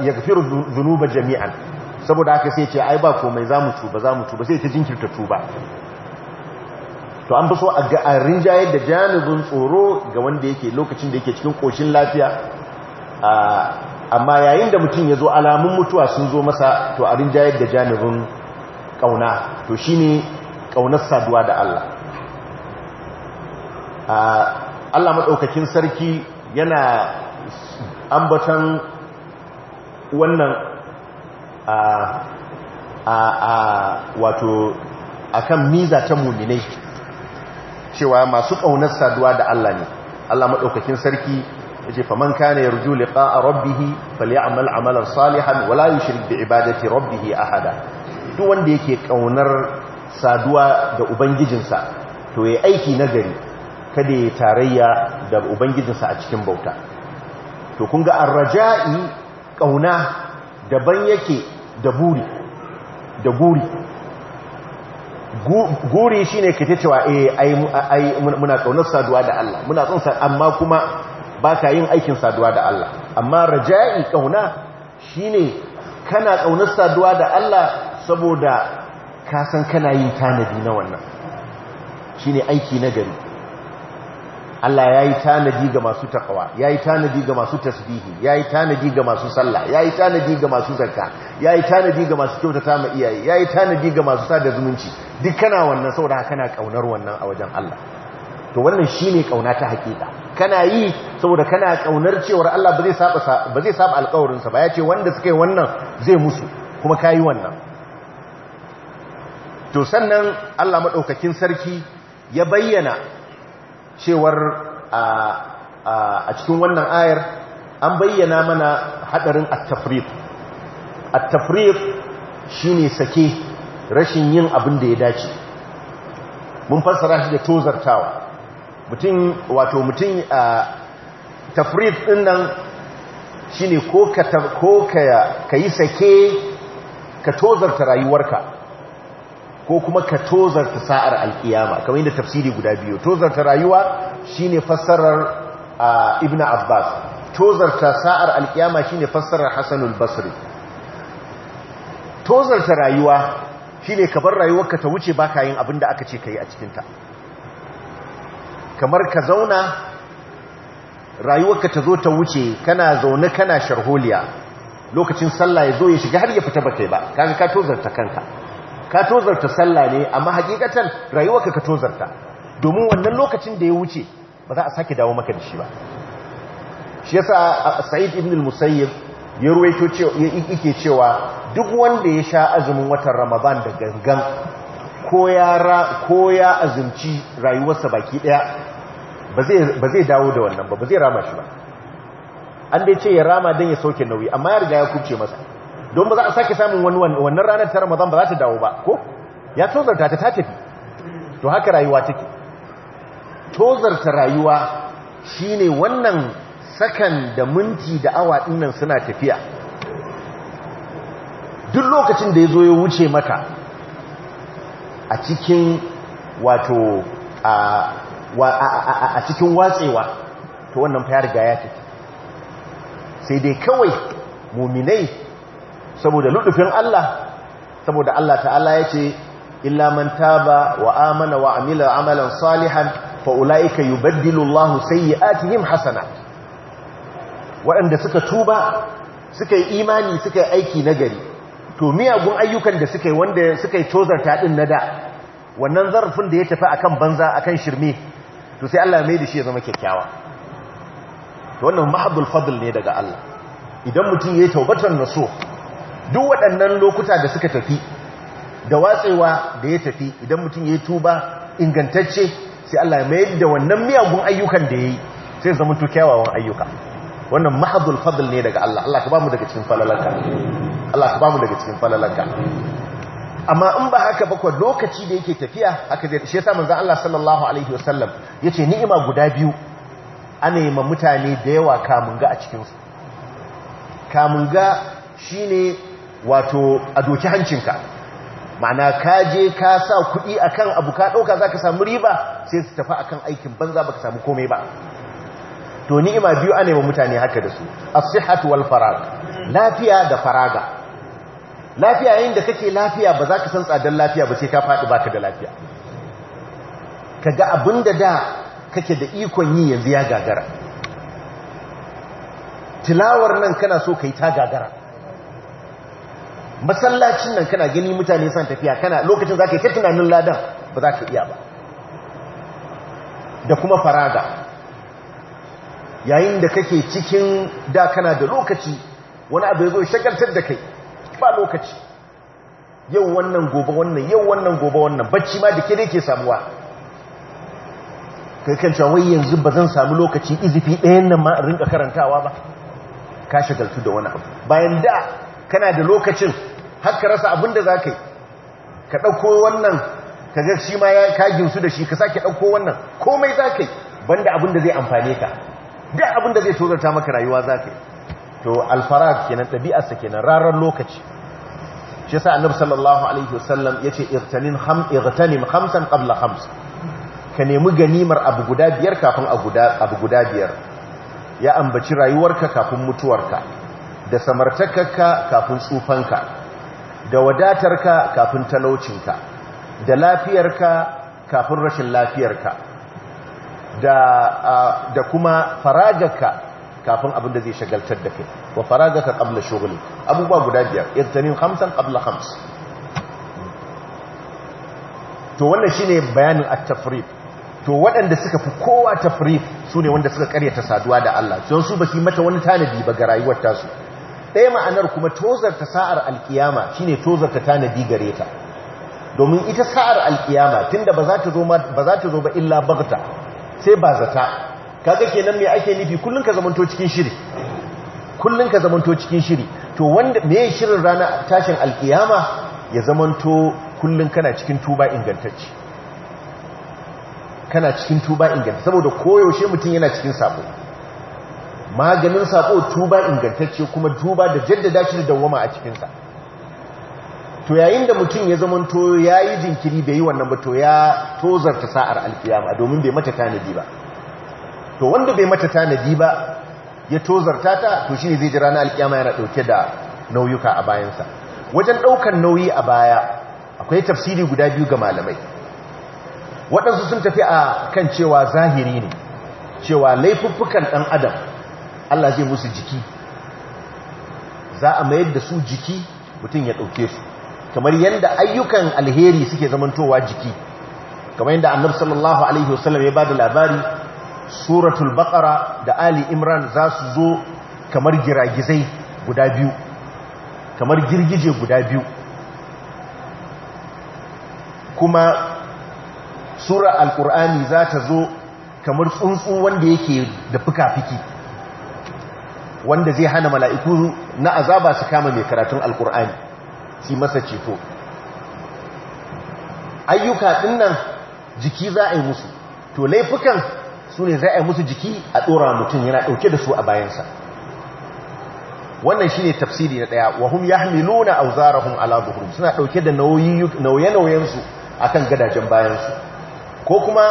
ya gafi zunuba jami'an saboda aka sai ce ai ba komai za mu tuba za mu tuba sai ta jinkirta tuba to an fi so a ga a rinjayar da janibin tsoro ga wanda yake lokacin da yake cikin koshin lafiya amma yayin da mutum ya zo alamun mutuwa sun zo masa to a rinjayar da janibin kauna to shi ne kaunar saduwa da Allah Allah maɗaukakin sarki yana ambatan wannan a wato akan miza ta muminai cewa masu ƙaunar saduwa da Allah ne Allah maɗaukakin sarki ya ce faman liƙa yarju rabbihi rabbih amal amalar salihan wala da bi ibadati a hada. duk wanda yake ƙaunar saduwa da ubangijinsa to yayi aiki nagari kada ya tarayya da ubangijinsa a cikin bauta to kun ga arraja'i ƙauna daban yake da buri da guri guri shine kace cewa eh ai muna kaunar saduwa da Allah muna son sa amma kuma ba ka yin aikin saduwa da Allah amma raja'i kauna shine kana kaunar saduwa da Allah saboda ka san kana yin tanadi na wannan shine aiki na gari Allah ya yi tanadi ga masu takawa ya yi tanadi ga masu tasbihi ya yi tanadi ga masu sallah ya yi tanadi ga masu zakka ya yi tanadi ga masu kyautata ma iyaye ya yi tanadi ga masu sa da zumunci duk kana wannan saboda kana kaunar wannan a wajen Allah to wannan shi ne kauna ta hakika kana yi saboda kana kaunar cewar Allah ba zai saba ba Ya ce wanda suka yi wannan zai musu kuma ka yi wannan to sannan Allah maɗaukakin sarki ya bayyana cewar a cikin wannan ayar an bayyana mana hadarin at-tafriq at-tafriq sake rashin yin abin da ya dace mun fassara shi da tozartawa mutum wato mutum tafriq din nan shine ko ka ko ka yi sake ka tozarta rayuwarka ko kuma ka tozarta sa'ar alƙiyama kamar yadda tafsiri guda biyu tozarta rayuwa shine fassarar ibn abbas tozarta sa'ar shi shine fassarar hassanul basri tozarta rayuwa shine ka bar rayuwarka ta wuce baka yin abin da aka ce ka yi a cikinta kamar ka zauna rayuwarka ta zo ta wuce kana zaune kana sharholiya lokacin sallah ya zo ya shiga har ya fita ba kai ba kaga ka tozarta kanka ka tozarta sallah ne amma hakikatan rayuwarka ka tozarta domin wannan lokacin da ya wuce ba za a sake dawo maka da shi ba shi yasa sa'id ibn al-musayyib ya ruwaito cewa yake cewa duk wanda ya sha azumin watan ramadan da gangan ko ya azumci rayuwarsa baki daya ba zai ba dawo da wannan ba ba zai rama shi ba an dai ce ya rama dan ya sauke nauyi amma ya riga ya kuce masa don ba za a sake samun wannan ranar ta ramadan ba za ta dawo ba ko ya tozarta ta tafi to haka rayuwa take tozarta rayuwa shi ne wannan sakan da minti da awa dinnan suna tafiya duk lokacin da ya zo ya wuce maka a cikin wato a cikin watsewa to wannan fayar ga ya tafi sai dai kawai muminai saboda ludufin Allah saboda Allah ta'ala ya ce illa man taba wa amana wa amila amalan salihan fa ulaika yubaddilu Allahu sayyi'atihim hasanat waɗanda suka tuba suka yi imani suka yi aiki nagari to miyagun ayyukan da suka yi wanda suka yi cozarta din na da wannan zarfin da ya tafi akan banza akan shirme to sai Allah mai da shi ya zama kyakkyawa to wannan mahabbul fadl ne daga Allah idan mutum yayi taubatar naso duk waɗannan lokuta da suka tafi da watsewa da ya tafi idan mutum ya yi tuba ingantacce sai Allah ya mayar da wannan miyagun ayyukan da ya yi sai zama to kyawawan ayyuka wannan mahadul fadl ne daga Allah Allah ka mu daga cikin falalanka Allah ka mu daga cikin falalanka amma in ba haka ba lokaci da yake tafiya haka zai shi yasa manzon Allah sallallahu alaihi wasallam yace ni'ima guda biyu ana yi ma mutane da yawa kamunga a cikin su shi shine wato a doki hancinka ma'ana ka je ka sa kuɗi kan abu ka ɗauka za ka samu riba sai su tafi kan aikin banza ba ka samu komai ba to ni'ima biyu ana yi mutane haka da su as-sihhatu wal farag lafiya da faraga lafiya yayin da kake lafiya ba za ka san tsadar lafiya ba sai ka faɗi ba ka da lafiya Ka ga abin da da kake da ikon yi yanzu ya gagara tilawar nan kana so ka yi ta gagara masallacin nan kana gani mutane san tafiya kana lokacin za ka yi ta tunanin ladan ba za ka iya ba da kuma faraga yayin da kake cikin da kana da lokaci wani abu ya zo shagaltar da kai ba lokaci yau wannan gobe wannan yau wannan gobe wannan bacci ma da ke ne ke samuwa kai kan cewa wai yanzu ba zan samu lokaci izifi ɗayan nan ma rinka karantawa ba ka shagaltu da wani abu bayan da kana da lokacin har rasa abin da za ka yi ka ɗauko wannan ka ga shi ma ya kagin su da shi ka sake ɗauko wannan komai za ka yi banda abin da zai amfane ka duk abin da zai tozarta maka rayuwa za ka yi to alfarag kenan ɗabi'arsa kenan rarar lokaci shi sa annabi sallallahu alaihi wasallam yace irtanin ham irtanim khamsan qabla khams ka nemi ganimar abu guda biyar kafin abu guda biyar ya ambaci rayuwarka kafin mutuwarka da samartakarka kafin tsufanka da wadatarka kafin talaucinka da lafiyarka kafin rashin lafiyarka da, da kuma faragarka kafin abin da zai shagaltar da kai wa faragarka qabla shughli abubuwa guda biyar irtanin Hamsan qabla hams to wannan ne bayanin a tafrif to waɗanda suka fi kowa su sune wanda suka karyata saduwa da Allah don su ba su mata wani tanadi ba ga rayuwar tasu ɗaya ma'anar kuma tozarta sa'ar alkiyama shine tozarta tanadi gare ta domin ita sa'ar alkiyama tunda ba za ta zo ba za ta zo ba illa bagta sai ba zata kaga nan me ake nufi kullum ka zamanto cikin shiri kullum ka zamanto cikin shiri to wanda me shirin rana tashin alkiyama ya zamanto kullum kana cikin tuba ingantacci kana cikin tuba ingantacci saboda koyaushe mutum yana cikin sabo maganin saƙo tuba ingantacce kuma tuba da jaddada shi da dawwama a cikinsa to yayin da mutum ya zama to ya yi jinkiri bai yi wannan ba to ya tozarta sa'ar alkiyama domin bai mata tanadi ba to wanda bai mata tanadi ba ya tozarta ta to shi ne zai ji ranar alkiyama yana ɗauke da nauyuka a bayansa wajen ɗaukar nauyi a baya akwai tafsiri guda biyu ga malamai waɗansu sun tafi a kan cewa zahiri ne cewa laifuffukan ɗan adam Allah zai musu jiki za a mayar da su jiki mutum ya ɗauke su kamar yadda ayyukan alheri suke zamantowa jiki kamar yadda annabi sallallahu alaihi wasallam ya ba da labari suratul baqara da ali imran za su zo kamar giragizai guda biyu kamar girgije guda biyu kuma sura al-qur'ani za ta zo kamar tsuntsu wanda yake da fuka-fiki wanda zai hana mala'iku na azaba su kama mai karatun alkur'ani si masa ceto ayyuka ɗinnan jiki za a yi musu to laifukan su ne za a yi musu jiki a ɗora mutum yana ɗauke da su a bayansa wannan shine tafsiri na ɗaya wahum yahmiluna awzarahum ala zuhrum suna ɗauke da nauye-nauyensu akan gadajen bayansu ko kuma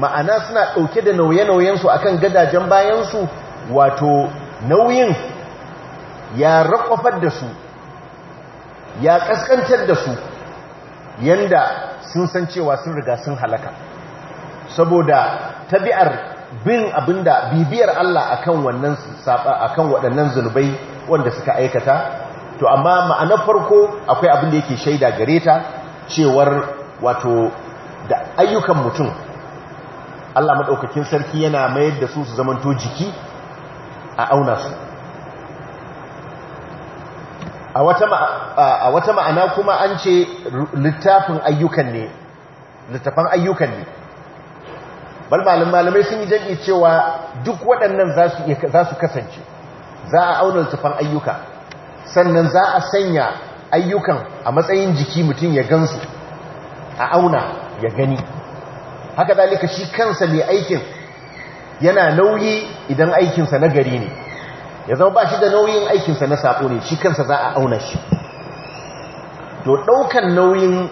ma'ana suna ɗauke da nauye-nauyensu akan gadajen bayansu wato nauyin ya rakwafar da su ya ƙasƙantar da su yanda sun san cewa sun riga sun halaka saboda tabi'ar bin abinda bibiyar Allah akan wannan saba akan waɗannan zunubai wanda suka aikata to amma ma'anar farko akwai abin da yake shaida gare ta cewar wato da ayyukan mutum Allah madaukakin sarki yana mayar da su su zamanto jiki a auna su a wata ma'ana kuma an ce littafin ayyukan ne littafin ayyukan ne bal malamai sun yi jam'i cewa duk waɗannan za su kasance za a auna littafin ayyuka sannan za a sanya ayyukan a matsayin jiki mutum ya gansu a auna ya gani haka zalika shi kansa mai aikin yana nauyi idan aikinsa na gari ne ya zama ba shi da nauyin aikinsa na sako ne shi kansa za a auna shi to ɗaukan nauyin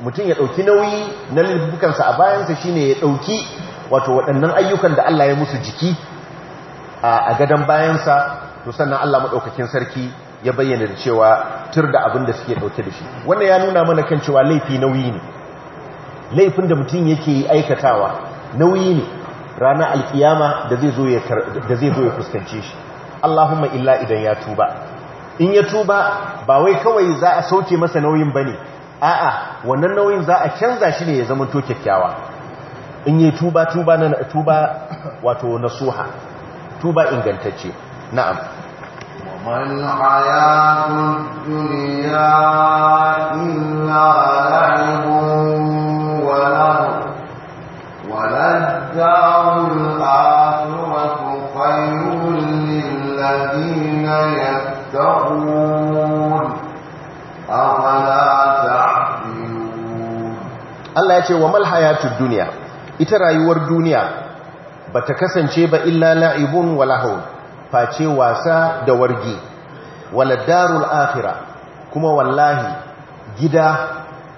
mutum ya ɗauki nauyi na lullubukansa a bayansa shi ne ya ɗauki wato waɗannan ayyukan da Allah ya musu jiki a gadon bayansa to sannan Allah maɗaukakin sarki ya bayyana da cewa tur da abin da suke ɗauke da shi wannan ya nuna mana kan cewa laifi nauyi ne laifin da mutum yake aikatawa nauyi ne ranar alkiyama da zai zo ya fuskanci shi Allahumma illa idan ya tuba in ya tuba ba wai kawai za a sauke masa nauyin bane a'a wannan nauyin za a canza shi ne ya zama to kyakkyawa in yi tuba tuba na tuba wato nasuha tuba ingantacce na'am hayatu duniya ita rayuwar duniya bata kasance ba illa la'ibun walahun face wasa da wargi wala darul akhirah kuma wallahi gida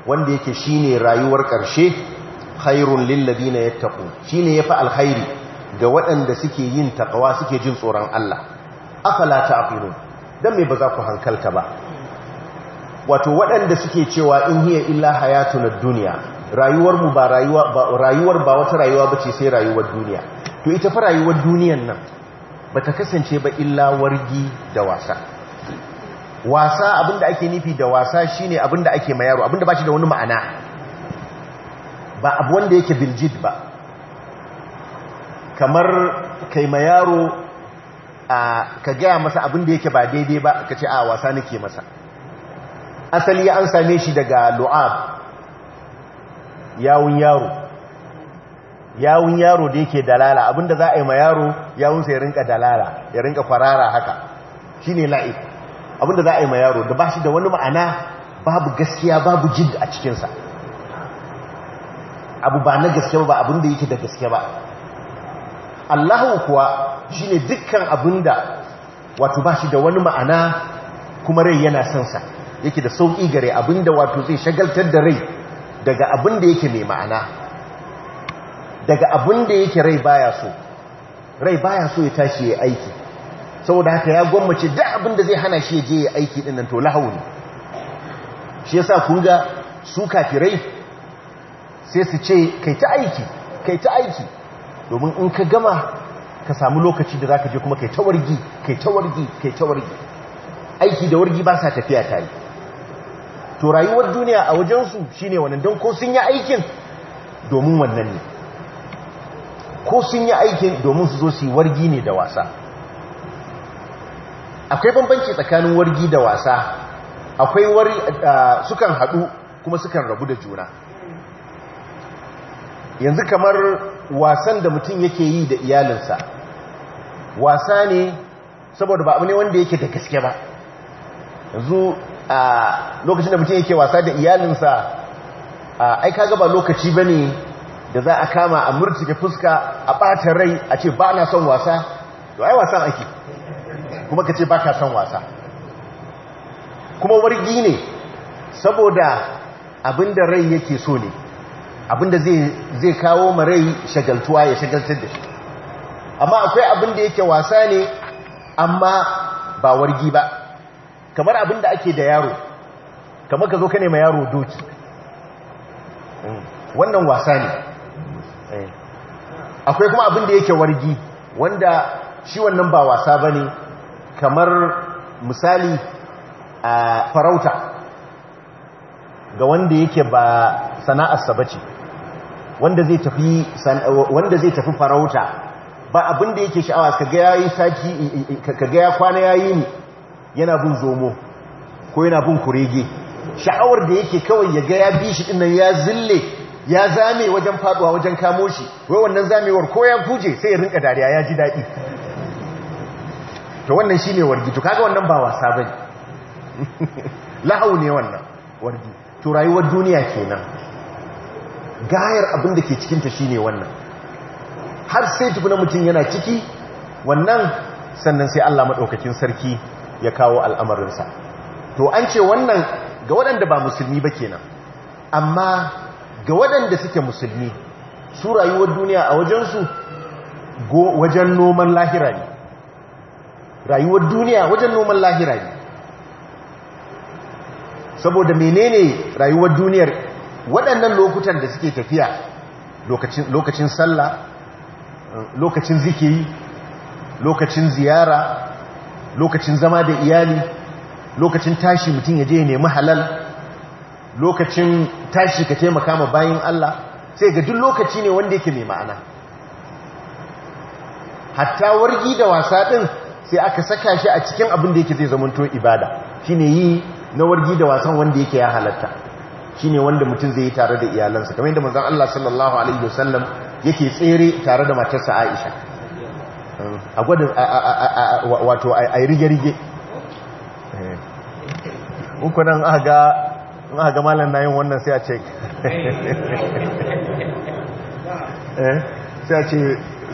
wanda yake shine rayuwar karshe khairun lil ladina yattaqu shine yafi alkhairi ga waɗanda suke yin taqwa suke jin tsoron Allah afala ta'qilun dan me ba za ku hankalta ba wato waɗanda suke cewa in hiya illa hayatun ad-dunya rayuwarmu ba rayuwa ba rayuwar ba wata rayuwa bace sai rayuwar duniya to ita fa rayuwar duniyar nan bata kasance ba illa wargi da wasa wasa abinda ake nufi da wasa shine abinda ake mayaro abinda ba shi da wani ma'ana ba abu wanda yake biljid ba kamar kai mayaro ka gaya masa abinda yake ba daidai ba ka ce a wasa nake masa asali an same shi daga lu'ab yawun yaro yawun yaro da yake dalala abinda za a yi ma yaro yawunsa ya rinka dalala ya rinka kwarara haka shi ne la'i abinda za a yi ma yaro da ba shi da wani ma'ana babu gaskiya babu jid a cikinsa abu ba na gaske ba abinda yake da gaske ba allahu kuwa shi ne dukkan abinda wato ba shi da wani ma'ana kuma rai yana sansa yake da sauƙi gare abinda wato zai shagaltar da rai daga abin da yake mai ma'ana daga abin da yake rai baya so rai baya so ya tashi ya aiki saboda haka ya gwammace da abin da zai hana shi ya je ya aiki dinnan to lahau shi ya sa ga su kafi rai sai su ce kai ta aiki kai ta aiki domin in ka gama ka samu lokaci da za ka je kuma kai ta wargi kai ta wargi kai ta wargi aiki da wargi ba sa tafiya ta yi. to rayuwar duniya a wajensu shine wannan don ko sun yi aikin domin wannan ne ko sun yi aikin domin su zo su yi wargi ne da wasa akwai bambanci tsakanin wargi da wasa akwai wari sukan haɗu kuma sukan rabu da juna yanzu kamar wasan da mutum yake yi da iyalinsa wasa ne saboda ba abu ne wanda yake da gaske ba yanzu lokacin da mutum yake wasa da iyalinsa ai ka gaba lokaci bane da za a kama a murtuke fuska a bata rai a ce ba na son wasa to ai wasan ake kuma ka ce ba ka son wasa kuma wargi ne saboda abinda rai yake so ne abinda zai kawo ma rai shagaltuwa ya shagaltar da shi amma akwai abinda yake wasa ne amma ba wargi ba kamar abin da ake da yaro kamar ka zo ka nema yaro doki wannan wasa ne akwai kuma abin da yake wargi wanda shi wannan ba wasa ba ne kamar misali a farauta ga wanda yake ba sana'arsa ba ce wanda zai tafi farauta ba abin da yake sha'awa ka ga ya kwana ya yi yana bin zomo ko yana bin kurege sha'awar da yake kawai ya ga ya bi shi dinnan ya zille ya zame wajen faduwa wajen kamo shi wai wannan zamewar ko ya kuje sai ya rinka dariya ya ji daɗi to wannan shine wargi to kaga wannan ba wasa bane la'au ne wannan wargi to rayuwar duniya kenan gayar abin da ke cikin ta shine wannan har sai tukuna mutum yana ciki wannan sannan sai Allah madaukakin sarki ya kawo al'amarinsa to an ce wannan ga waɗanda ba musulmi ba kenan amma ga waɗanda suke musulmi su rayuwar duniya a wajensu wajen noman lahira ne rayuwar duniya wajen noman lahira ne saboda menene rayuwar duniyar waɗannan lokutan da suke tafiya lokacin sallah lokacin zikiri lokacin ziyara lokacin zama da iyali lokacin tashi mutum ya je ya nemi halal lokacin tashi ka taimaka ma bayan Allah sai ga duk lokaci ne wanda yake mai ma'ana hatta wargi da wasa din sai aka saka shi a cikin abin da yake zai zamanto ibada shine yi na wargi da wasan wanda yake ya halatta shine wanda mutum zai yi tare da iyalansa kamar yadda manzon Allah sallallahu alaihi wasallam yake tsere tare da matarsa Aisha a gwada wato a yi rige-rige uku eh. nan aka ga malam na yin wannan eh, sai a ce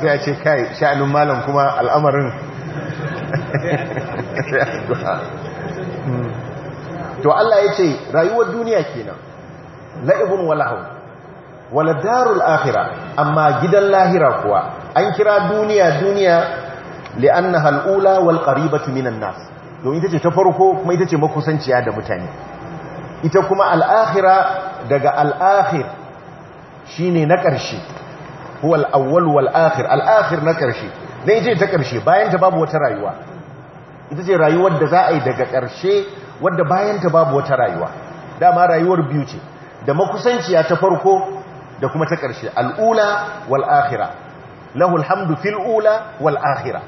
sai a ce kai sha'anin malam kuma al'amarin hmm. to Allah ya ce rayuwar duniya kenan la'ibun walahun wala darul akhira amma gidan lahira kuwa an kira duniya duniya annaha al'ula wal qaribatu minan nas domin ita ce ta farko kuma ita ce makusanciya da mutane ita kuma akhira daga akhir shine na ƙarshe huwa al-awwal wal akhir al-akhir na ƙarshe dai ce ta ƙarshe bayan ta babu wata rayuwa ita ce rayuwar da za a yi daga ƙarshe wadda bayan ta babu wata rayuwa dama rayuwar biyu ce da makusanciya ta farko da kuma ta ƙarshe al'ula wal'ahira. lahulhamdu lahu alhamdu fil ula wal akhira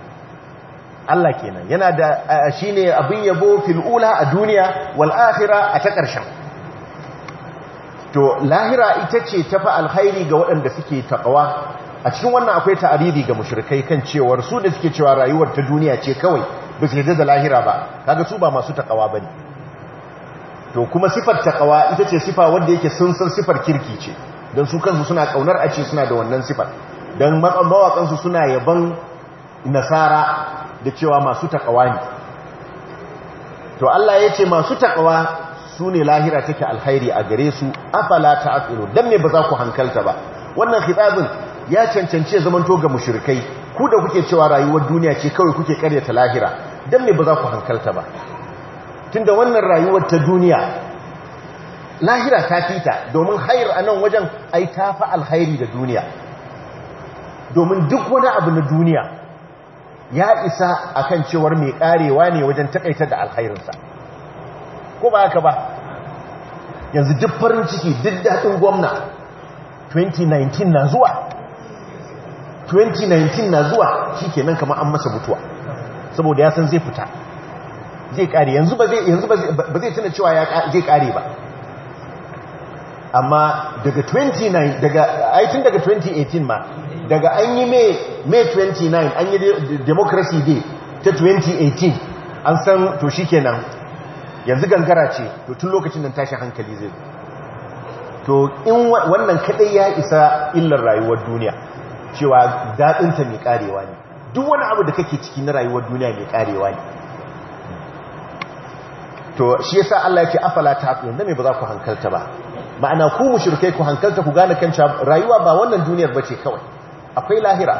Allah kenan yana da shine abin yabo fil'ula a duniya wal'ahira a ta ƙarshen to lahira ita ce tafi alhairi ga waɗanda suke taɓawa a cikin wannan akwai ta'aridi ga mushirikai kan cewar su da suke cewa rayuwar ta duniya ce kawai ba su da lahira ba kaga su ba masu ba ne. to kuma sifar taƙawa ita ce sifa wanda yake sun san sifar kirki ce don su kansu suna kaunar a ce suna da wannan sifar don mawakansu suna yaban nasara da cewa masu takawa ne to Allah ya ce masu takawa su ne lahira take alhairi a gare su afala ta ta'qilu dan ne ba za ku hankalta ba wannan khitabin ya cancance zamanto ga mushirikai. ku da kuke cewa rayuwar duniya ce kawai kuke karyata lahira dan ne ba za ku hankalta ba Tun da wannan rayuwar ta duniya lahira ta fita domin hayar a nan wajen ai ta fi alhairi da duniya domin duk wani abu na duniya ya isa a kan cewar mai karewa ne wajen takaita da alhairinsa ko ba haka ba yanzu duk farin ciki duk daɗin gwamna 2019 na zuwa 2019 na zuwa shi ke nan kama an masa mutuwa saboda ya san zai fita zai kare yanzu ba zai tuna cewa zai kare ba amma daga 29 daga aitin daga 2018 ma daga an yi may 29 an yi democracy day ta 2018 an san to shi nan yanzu gangara ce to tun lokacin nan tashin hankali zai to in wannan kadai ya isa illar rayuwar duniya cewa daɗinta mai karewa ne duk wani abu da kake ciki na rayuwar duniya mai karewa ne to shi yasa Allah ya ce afala ta haɗu ne me ba za ku hankalta ba ma'ana ku mushrikai ku hankalta ku gane kan rayuwa ba wannan duniyar bace kawai akwai lahira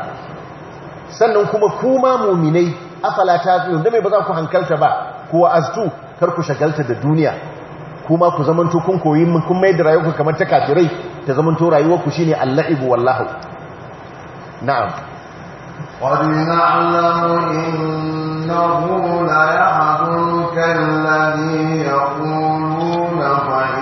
sannan kuma kuma muminai afala zuwa da mai ba za ku hankalta ba ku wa'aztu kar ku shagalta da duniya kuma ku to kun koyi kun mai da rayuwa kamar ta kafirai ta zamanto ku shine allah laibu wallahu na'am allahu innahu la ليحزنك kallazi yaqulu فإن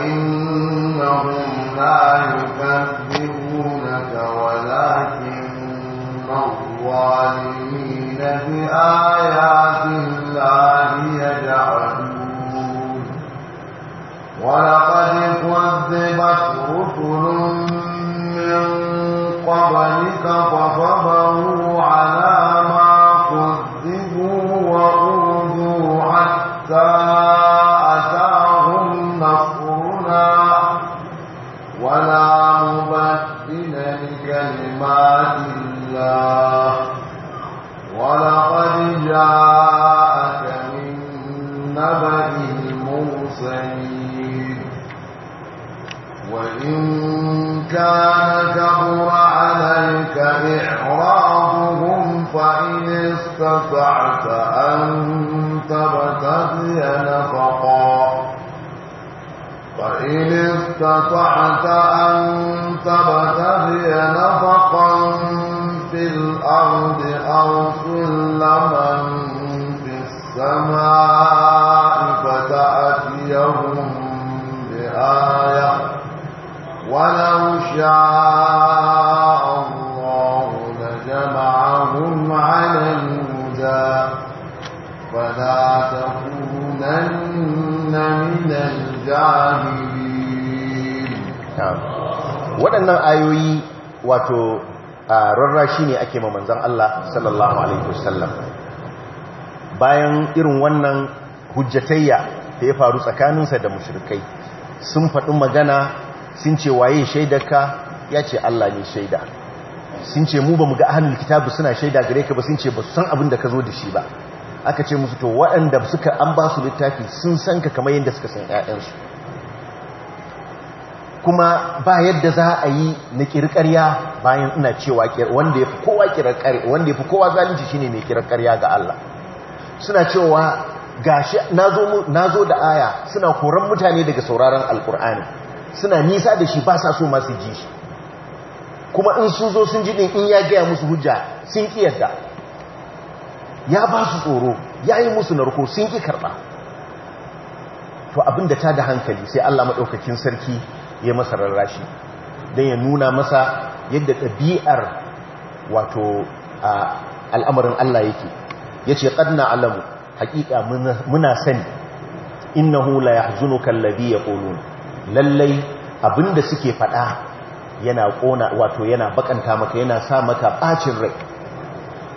sallallahu alaihi wasallam bayan irin wannan hujjatayya da ya faru tsakaninsa da mushrikai sun faɗi magana sun ce waye shaidarka ya ce Allah ne shaida sun ce mu ba mu ga ahlul kitabu suna shaida gare ka ba sun ce ba san abin da ka zo da shi ba aka ce musu to waɗanda suka an ba su littafi sun san ka kamar yadda suka san ƴaƴansu kuma ba yadda za a yi na kirkariya bayan ina cewa wanda ya fi kowa kirkarya wanda ya zalunci shine mai kirkariya ga Allah suna cewa gashi na zo da aya suna koran mutane daga sauraron alkur'ani suna nisa da shi ba sa so masu ji shi kuma in sun zo sun ji ne in ya gaya musu hujja sun ki yadda ya ba su tsoro ya yi musu narko sun ki karba to abin da ta da hankali sai Allah maɗaukakin sarki ya masa rarrashi don ya nuna masa yadda ɗabi'ar wato al'amarin Allah yake ya ce ƙadna alamu haƙiƙa muna sani hula ya la kallabi ya yaqulun lallai abinda suke faɗa yana ƙona wato yana bakanta maka yana sa maka ɓacin rai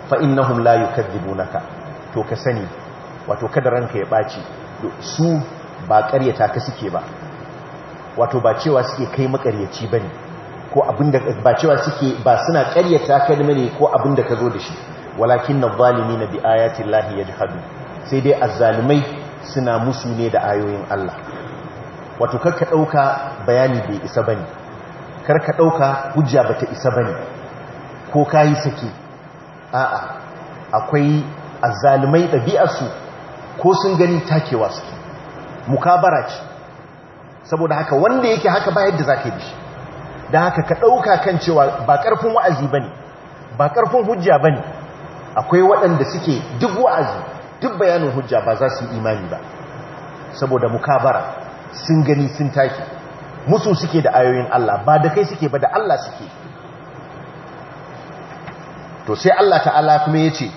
fa yi la naka to ka sani wato kada ranka ya ɓaci su ba ƙaryata ka suke ba wato ba cewa suke kai makaryaci ne ko abinda ba cewa suke ba suna karyata kalma ne ko da ka zo da shi walakin na na bi ya ji yajhadu sai dai azzalimai suna musu ne da ayoyin Allah wato karka ɗauka bayani bai isa ba ne karka ɗauka hujja ba ta isa ba ne ko ka yi sake a'a akwai azzalimai ɗabi'arsu ko sun gani takewa suke mukabara ce saboda haka wanda yake haka ba yadda zaka yi shi da haka ka ɗauka kan cewa ba ƙarfin wa'azi bane ba ƙarfin hujja bane akwai waɗanda suke duk wa'azi duk bayanin hujja ba za su yi imani ba saboda mukabara sun gani sun taki musu suke da ayoyin Allah ba da kai suke ba da Allah suke to sai Allah ta'ala kuma ya ce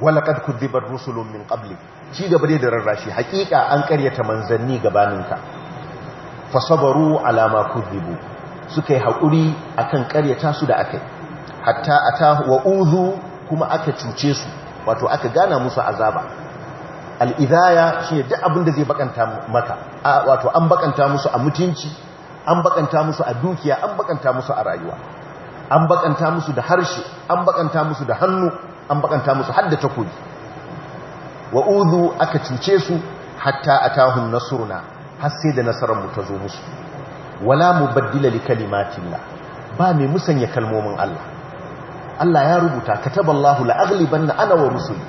walaqad kudibar rusulun min qablik ci gaba da rarrashi hakika an karyata manzanni gabaninka fasabaru alama kuzibu suka yi haƙuri akan ƙaryata su da aka yi hatta ata wa uzu kuma aka cuce su wato aka gana musu azaba al'idaya shi ne duk abinda zai bakanta maka wato an bakanta musu a mutunci an bakanta musu a dukiya an bakanta musu a rayuwa an bakanta musu da harshe an bakanta musu da hannu an bakanta musu har da takobi wa aka cuce su hatta atahun nasuruna har sai da nasarar mu ta zo musu wala baddila li kalimatillah ba mai musanya kalmomin Allah Allah ya rubuta kataballahu la aghlibanna ana wa rusuli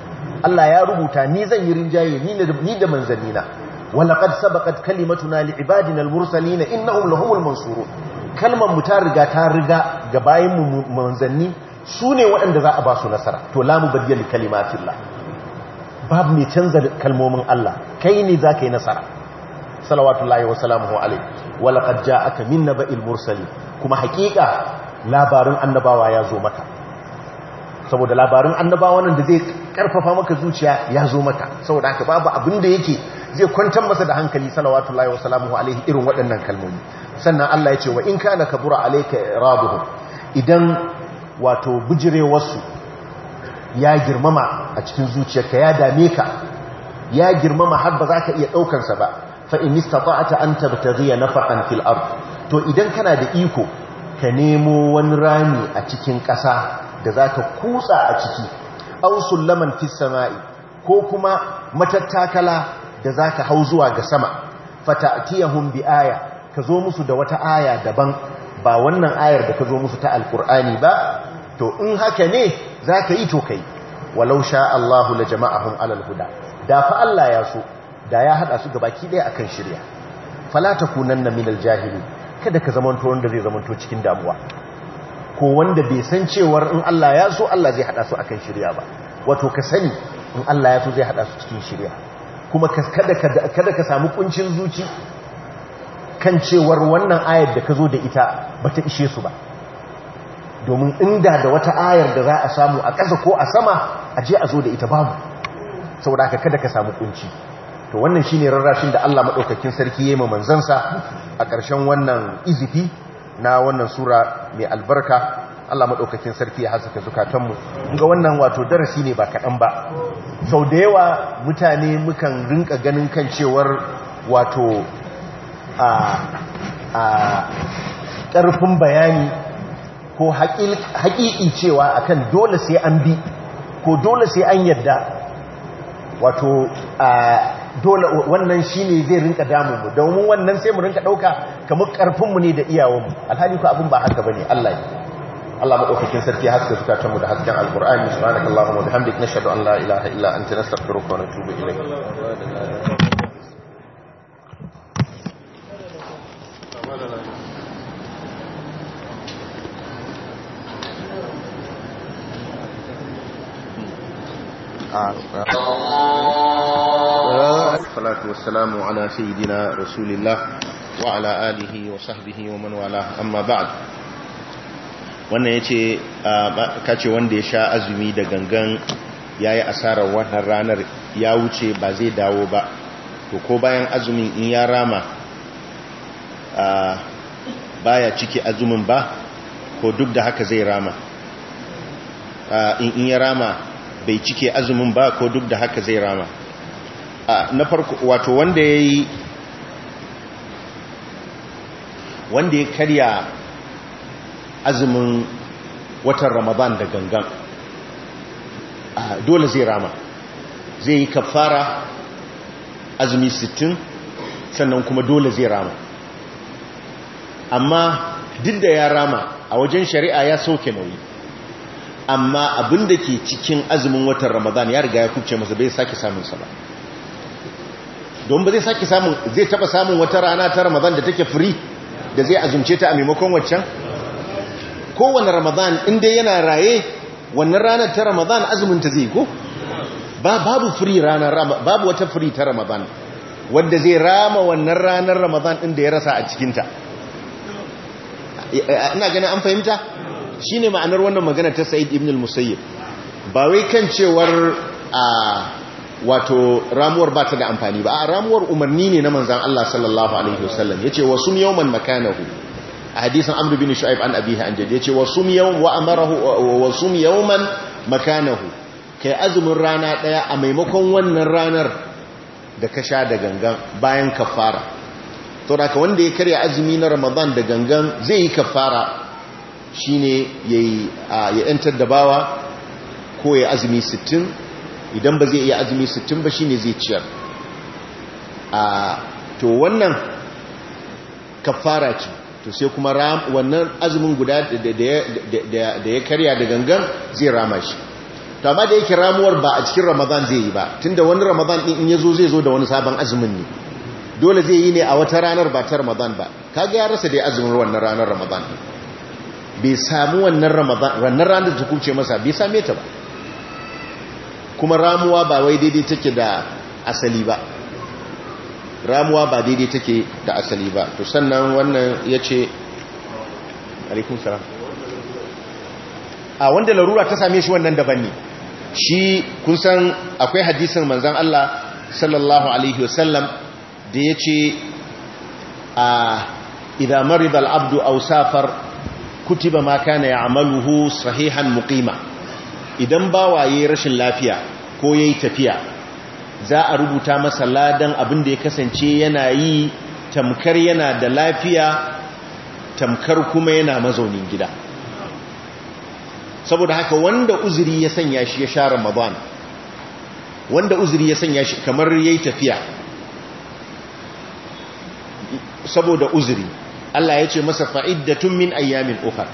Allah ya rubuta ni zan yi rinjaye ni da manzanina walaqad sabaqat kalimatuna liibadina in innahum lahumul mansurun kalmar mu ta riga ta riga ga bayin mu manzanni sune waɗanda za a ba su nasara to la mubaddila li kalimatillah babu mai canza kalmomin Allah kai ne za ka yi nasara salawatullahi wa salamuhu alaihi wa laqad ja'aka min naba'il mursalin kuma hakika labarin annabawa ya zo maka saboda labarin annabawa nan da zai karfafa maka zuciya ya zo maka saboda haka babu abin da yake zai kwantar masa da hankali salawatullahi wa salamuhu alaihi irin waɗannan kalmomi sannan Allah ya ce wa in kana kabura alayka iraduhum idan wato bijirewarsu ya girmama a cikin ka ya dame ka ya girmama har ba za ka iya ɗaukansa ba fa in istata'ta an tabtaghiya nafaqan fil ard to idan kana da iko ka nemo wani rami a cikin ƙasa da zaka kutsa a ciki aw laman fis sama'i ko kuma matattakala da zaka hau zuwa ga sama fata'tiyahum bi aya ka zo musu da wata aya daban ba wannan ayar da ka zo musu ta alqur'ani ba to in haka ne zaka yi to kai walau sha Allahu la jama'ahum alal huda da fa Allah ya so da ya hada su gabaki daya akan shirya fala na minal jahili kada ka to wanda zai to cikin damuwa ko wanda bai san cewa in Allah ya so Allah zai hada su akan shirya ba wato ka sani in Allah ya so zai hada su cikin shirya kuma kada kada ka samu kuncin zuci kan cewar wannan ayar da ka zo da ita bata ishe su ba domin inda da wata ayar da za a samu a ƙasa ko a sama a je a zo da ita babu saboda haka kada ka samu kunci to wannan shi ne rarrashin da Allah maɗaukakin sarki ya yi ma manzansa a ƙarshen wannan izifi na wannan sura mai albarka Allah maɗaukakin sarki ya hasa zukatan mu ga wannan wato darasi ne ba kaɗan ba sau da yawa mutane mukan rinka ganin kan cewar wato a ƙarfin bayani ko haƙiƙi cewa akan dole sai an bi ko dole sai an yadda wato dole wannan shi ne zai rinka damun mu domin wannan sai mu rinka dauka kamar ƙarfinmu ne da iyawunmu alhali ko abin ba haka bane Allah yi. Allah maɗaukakin sarki haske suka canmu da hasken alqur'ani subhanakallahumma wa bihamdika na shaɗu Allah ilaha illa anta nastaghfiruka wa natubu ilayk Allah والصلاة والسلام على سيدنا رسول الله وعلى آله وصحبه ومن والاه أما بعد wannan ya ce kace wanda ya sha azumi da gangan ya yi asarar wannan ranar ya wuce ba zai dawo ba to ko bayan azumin in ya rama baya ciki azumin ba ko duk da haka zai rama in ya rama bai cike azumin ba ko duk da haka zai rama na farko wato wanda ya yi wanda ya karya azumin watan ramadan da gangan dole zai rama zai yi kafara azumi sittin sannan kuma dole zai rama amma duk da ya rama a wajen shari'a ya sauke nauyi amma abinda ke cikin azumin watan ramadan ya riga ya kuce masa bai sake samunsa ba don ba zai sake samun zai taba samun wata rana ta ramadan da take firi da zai azumce ta a maimakon waccan kowane ramadan inda yana raye wannan ranar ta ramadan azumin ta zai ko babu firi ranar babu wata firi ta ramadan wanda zai rama wannan ranar ramadan inda ya rasa a cikinta eh, eh, ina ganin an fahimta shine ma'anar wannan magana ta sa'id ibn al-musayyib ba wai kan cewar a ah, wato ramuwar ba ta da amfani ba a ramuwar umarni ne na manzan Allah sallallahu alaihi wasallam ce wa sum yawman makanahu a hadisan amru bin shu'aib an abihi an ya yace wa sun yau wa amarahu wa makanahu kai azumin rana daya a maimakon wannan ranar da ka sha da gangan bayan kafara to da ka wanda ya karya azumi na ramadan da gangan zai yi kafara shine yayi ya yantar da bawa ko ya azumi sittin. idan ba zai iya azumi 60 ba shine zai ciyar a to wannan kafara ce to sai kuma wannan azumin guda da ya karya da gangan zai rama shi to amma da yake ramuwar ba a cikin ramadan zai yi ba tunda wani ramadan din in yazo zai zo da wani sabon azumin ne dole zai yi ne a wata ranar ba ta ramadan ba kaga ya rasa dai azumin wannan ranar ramadan bai samu wannan ramadan wannan ranar da kuce masa bai same ta ba kuma ramuwa ba wai daidai take da asali ba ramuwa ba daidai take da asali ba to sannan wannan ya ce alaikun salam a wanda larura ta same shi wannan daban ne shi kun san akwai hadisin manzan Allah sallallahu alaihi wasallam da ya ce a idan maribal abdu au safar kutiba ma kana ya amaluhu sahihan muqima idan bawa yayi rashin lafiya ko yayi tafiya za a rubuta masa ladan abin da ya kasance yana yi tamkar yana da lafiya tamkar kuma yana mazaunin gida saboda haka wanda uzuri ya sanya shi ya sha ramadan wanda uzuri ya sanya shi kamar yayi tafiya saboda uzuri Allah ya ce masa tun min ayyamin ukhra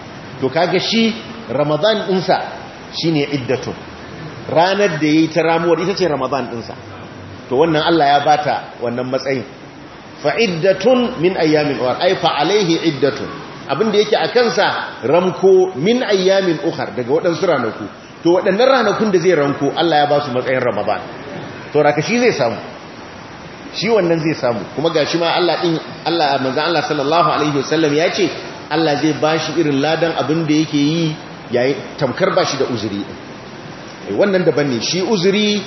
to kaga shi ramadan ɗinsa Shi ne iddatun ranar da ya yi ta ramuwar ita ce ramadan ɗinsa to wannan Allah ya ba ta wannan matsayin fa iddatun min ayyamin ukhra ai fa alaihi iddatun abinda yake a kansa ramko min ayyamin uhar daga waɗansu ranaku to waɗannan ranakun da zai ranko Allah ya ba su matsayin ramadan to raka shi zai samu shi wannan zai samu kuma ga shi ma Allah din Allah manzon Allah sallallahu alaihi wasallam ya ce Allah zai bashi irin ladan abin da yake yi yayin tamkar ba shi da uzuri eh, wannan daban ne shi uzuri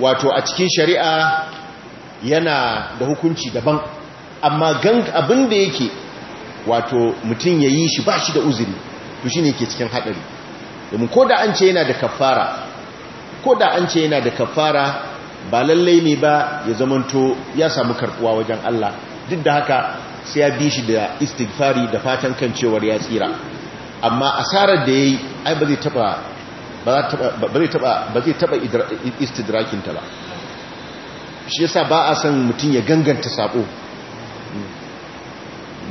wato a cikin shari'a yana da hukunci daban amma gan abin da yake wato mutum ya yi shi ba shi da uzuri to shi ne ke cikin haɗari domin ko da an ce yana da kafara ko da an ce yana da kafara ba lallai ne ba ya zamanto ya samu karɓuwa wajen Allah duk da haka sai ya bi shi da istighfari da fatan kan cewar ya tsira amma asarar da ya yi ai ba zai taba ba zai taba ta ba shi yasa ba a san mutum ya ganganta sako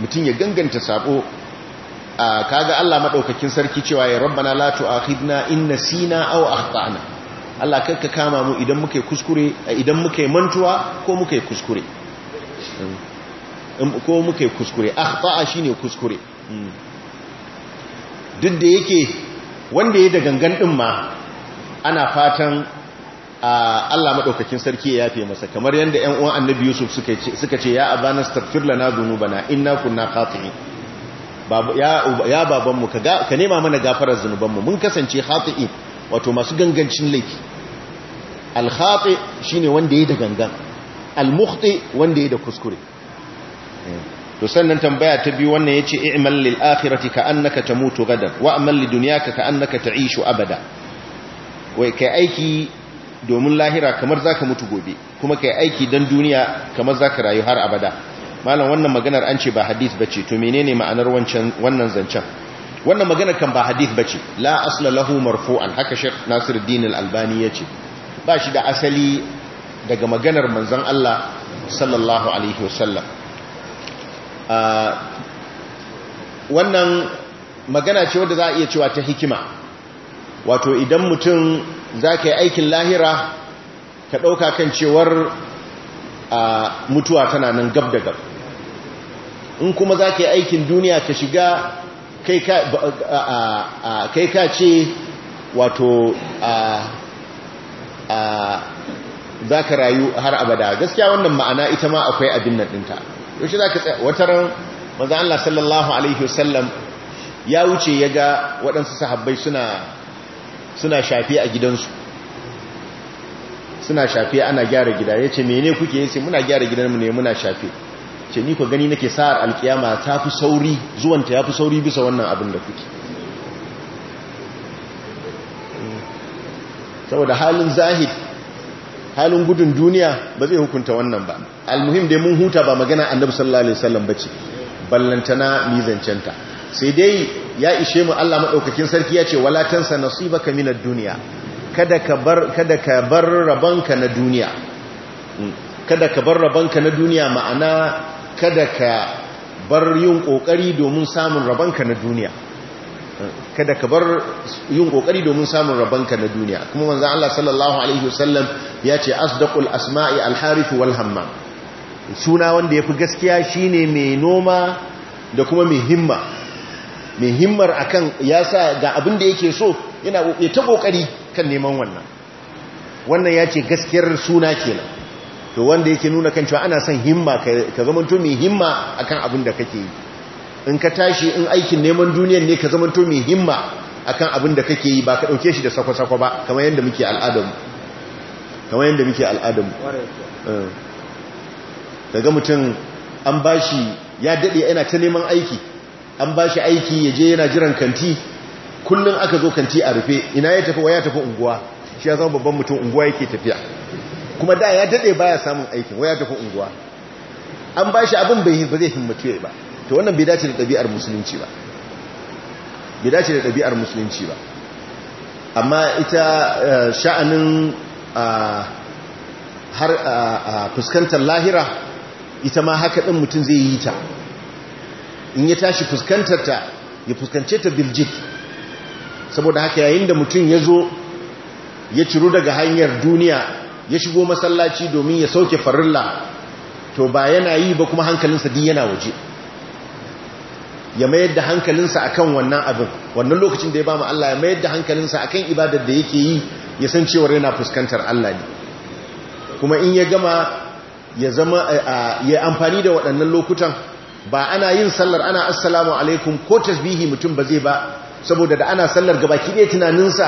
mutum ya ganganta sako a kaga Allah madaukakin sarki cewa ya rabbana la tu'akhidna in nasina aw akhtana Allah karka kama mu idan muka kuskure idan muka mantuwa ko muka kuskure ko muka kuskure akhta shine kuskure hmm. duk da yake wanda ya da gangan din ma ana fatan Allah madaukakin sarki ya yafe masa kamar yadda ƴan uwan Annabi Yusuf suka ce suka ce ya abana astaghfir lana dhunubana inna kunna khati'in babu ya ya baban mu ka ka nema mana gafarar zanuban mu mun kasance khati'in wato masu gangancin laifi al khati shine wanda ya da gangan al mukhti wanda ya da kuskure eh. to sannan tambaya ta biyu wannan yace i'mal lil akhirati ka annaka tamutu gadan wa amal lid dunyaka ka annaka ta'ishu abada wai kai aiki domin lahira kamar zaka mutu gobe kuma kai aiki dan duniya kamar zaka rayu har abada malam wannan maganar an ce ba hadith bace to menene ma'anar wancan wannan zancen wannan maganar kan ba hadith bace la asla lahu marfu'an haka Sheikh Nasiruddin Al-Albani yace ba shi da asali daga maganar manzon Allah sallallahu alaihi wasallam wannan magana ce wadda za a iya cewa ta hikima wato idan mutum za ka yi aikin lahira ka ɗauka kan cewar mutuwa tana nan gab da gab in kuma za ka yi aikin duniya ka shiga kai ka ce wato za ka rayu har abada gaskiya wannan ma'ana ita ma akwai abin nan ɗinta yaushe za ka tsaya wata ran maza Allah sallallahu alaihi wasallam ya wuce ya ga waɗansu sahabbai suna shafi a gidansu suna shafi ana gyara gida ya ce mene kuke yace muna gyara gidanmu ne muna shafi ce ni ku gani nake sa'ar alkiyama ta fi sauri zuwanta ya fi sauri bisa wannan abin da kuke saboda halin zahid halin gudun duniya ba zai hukunta wannan ba almuhim dai mun huta ba magana annabi sallallahu alaihi wasallam bace ballantana mizancenta sai dai ya ishe mu Allah madaukakin sarki ya ce wala tansa nasibaka minad dunya kada ka bar kada ka bar rabanka na duniya hmm. kada ka bar rabanka na duniya ma'ana kada ka bar yin kokari domin samun rabanka na duniya kada ka bar yin kokari domin samun rabanka na duniya kuma manzon Allah sallallahu alaihi wasallam ya ce asdaqul asma'i al-harith wal hamma. suna wanda yafi gaskiya shine mai noma da kuma mai himma mai himmar akan yasa ga abin da yake so yana ya ta kokari kan neman wannan wannan ya ce gaskiyar suna kenan to wanda yake nuna kan cewa ana son himma ka zamanto mai himma akan abin da kake yi in ka tashi in aikin neman duniyar ne ka zama to mai himma akan abin da kake yi ba ka dauke shi da sako-sako ba kamar yadda muke al'adamu kamar yadda muke al'adamu daga eh. mutum an bashi ya dade yana ta neman aiki an bashi aiki ya je yana jiran kanti kullum aka zo kanti a rufe ina ya tafi waya tafi unguwa shi ya zama babban mutum unguwa yake tafiya kuma da ya dade baya samun aikin waya tafi unguwa an bashi abin bai ba zai himmatu ba to wannan bai dace da ɗabi'ar musulunci ba bai dace da ɗabi'ar musulunci ba amma ita eh, sha'anin har fuskantar lahira ita ma haka ɗin mutum zai yi ta in ya tashi fuskantar ta ya fuskance ta biljik saboda haka yayin da mutum ya zo ya ciro daga hanyar duniya ya shigo masallaci domin ya sauke farilla to ba yana yi ba kuma hankalinsa din yana waje ya mayar da hankalinsa a kan wannan abin wannan lokacin da ya ba mu Allah ya mayar da hankalinsa akan ibadar da yake yi ya san cewar yana fuskantar Allah ne kuma in ya gama ya zama ya amfani da waɗannan lokutan ba ana yin sallar ana assalamu alaikum ko tasbihi mutum ba zai ba saboda da ana sallar gaba ɗaya tunaninsa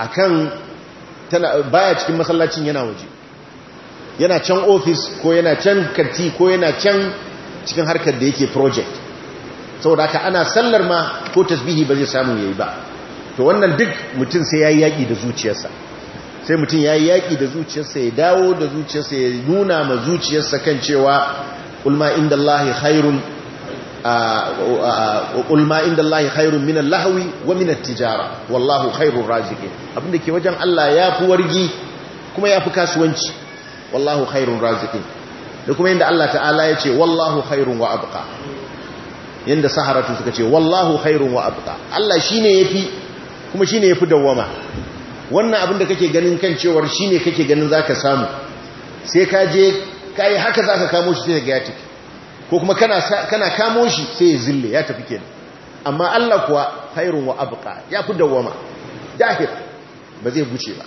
akan tana baya cikin masallacin yana waje yana can ofis ko yana can kanti ko yana can cikin harkar da yake project saboda haka ana sallar ma ko tasbihi ba zai samu ya yi ba to wannan duk mutum sai yayi yaki da zuciyarsa sai mutum ya yi yaƙi da zuciyarsa ya dawo da zuciyarsa ya nuna ma zuciyarsa kan cewa ulma inda indallahi khairun ulma inda Allah khairun min lahwi wa min tijara wallahu khairur raziqin abinda ke wajen Allah yafi wargi kuma yafi kasuwanci wallahu khairur raziqin da kuma yanda Allah ta'ala ya ce wallahu khairun wa abqa yanda saharatu suka ce wallahu khairun wa abqa Allah shine yafi kuma shine yafi dawwama wannan abin da kake ganin kan cewar shine kake ganin zaka samu sai ka je kai haka zaka kamo shi sai ga ya tafi ko kuma kana kana kamo shi sai ya zille ya tafi kenan amma Allah kuwa khairun wa abqa yafi dawwama dahir ba zai guce ba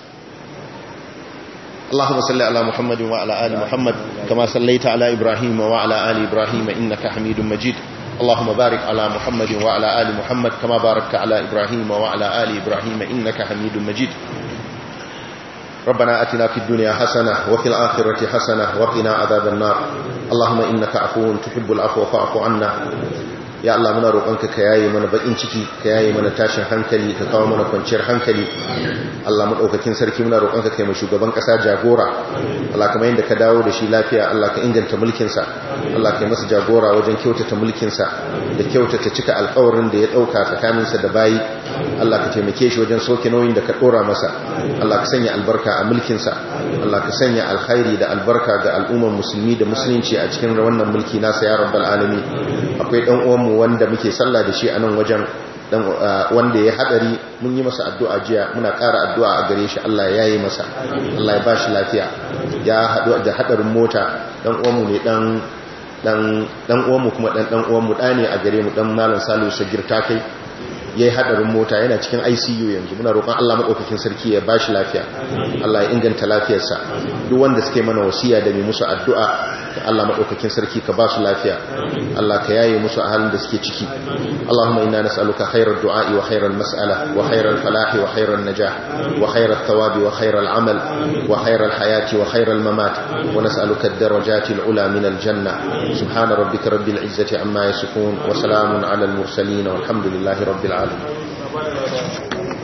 اللهم صل على محمد وعلى Muhammad محمد كما صليت على wa وعلى Ali Ibrahim إنك حميد مجيد اللهم بارك على محمد وعلى آل محمد كما باركت على إبراهيم وعلى آل إبراهيم إنك حميد مجيد ربنا أتنا في الدنيا حسنة وفي الآخرة حسنة وقنا عذاب النار اللهم إنك عفو تحب العفو فاعف عنا ya Allah muna roƙonka ka yaye mana bakin ciki ka yaye mana tashin hankali ka kawo mana kwanciyar hankali Allah madaukakin sarki muna roƙonka kai mu shugaban ƙasa jagora Allah kamar yanda ka dawo da shi lafiya Allah ka inganta mulkin sa Allah kai masa jagora wajen kyautata mulkin sa da kyautata cika alƙawarin da ya dauka tsakanin sa da bayi Allah ka taimake shi wajen soke nauyin da ka dora masa Allah ka sanya albarka a mulkin sa Allah ka sanya alkhairi da albarka ga al'ummar musulmi da musulunci a cikin wannan mulki nasa ya rabbal alamin akwai dan uwan mu wanda muke sallah da shi a nan wajen wanda ya hadari mun yi masa addu'a jiya muna ƙara addu'a a gare shi Allah ya yi masa Allah ya ba shi lafiya ya haɗu da hadarin mota dan uwanmu ne dan dan uwanmu kuma dan dan uwanmu ɗa ne a gare mu dan malam Salisu Sagir kai yayi hadarin mota yana cikin ICU yanzu muna roƙon Allah madaukakin sarki ya bashi lafiya Allah ya inganta lafiyarsa duk wanda suke mana wasiya da mai musu addu'a Allah madaukakin sarki ka basu lafiya Allah ka yaye musu a halin da suke ciki Allahumma inna nas'aluka khairar du'a wa khairal mas'ala wa khairal falah wa khairal najah wa khairal thawabi wa amal wa khairal hayati wa khairal mamat wa nas'aluka darajati al-ula min janna subhana rabbika rabbil izzati amma yasifun wa salamun ala al-mursalin والحمد لله رب العالمين Gracias.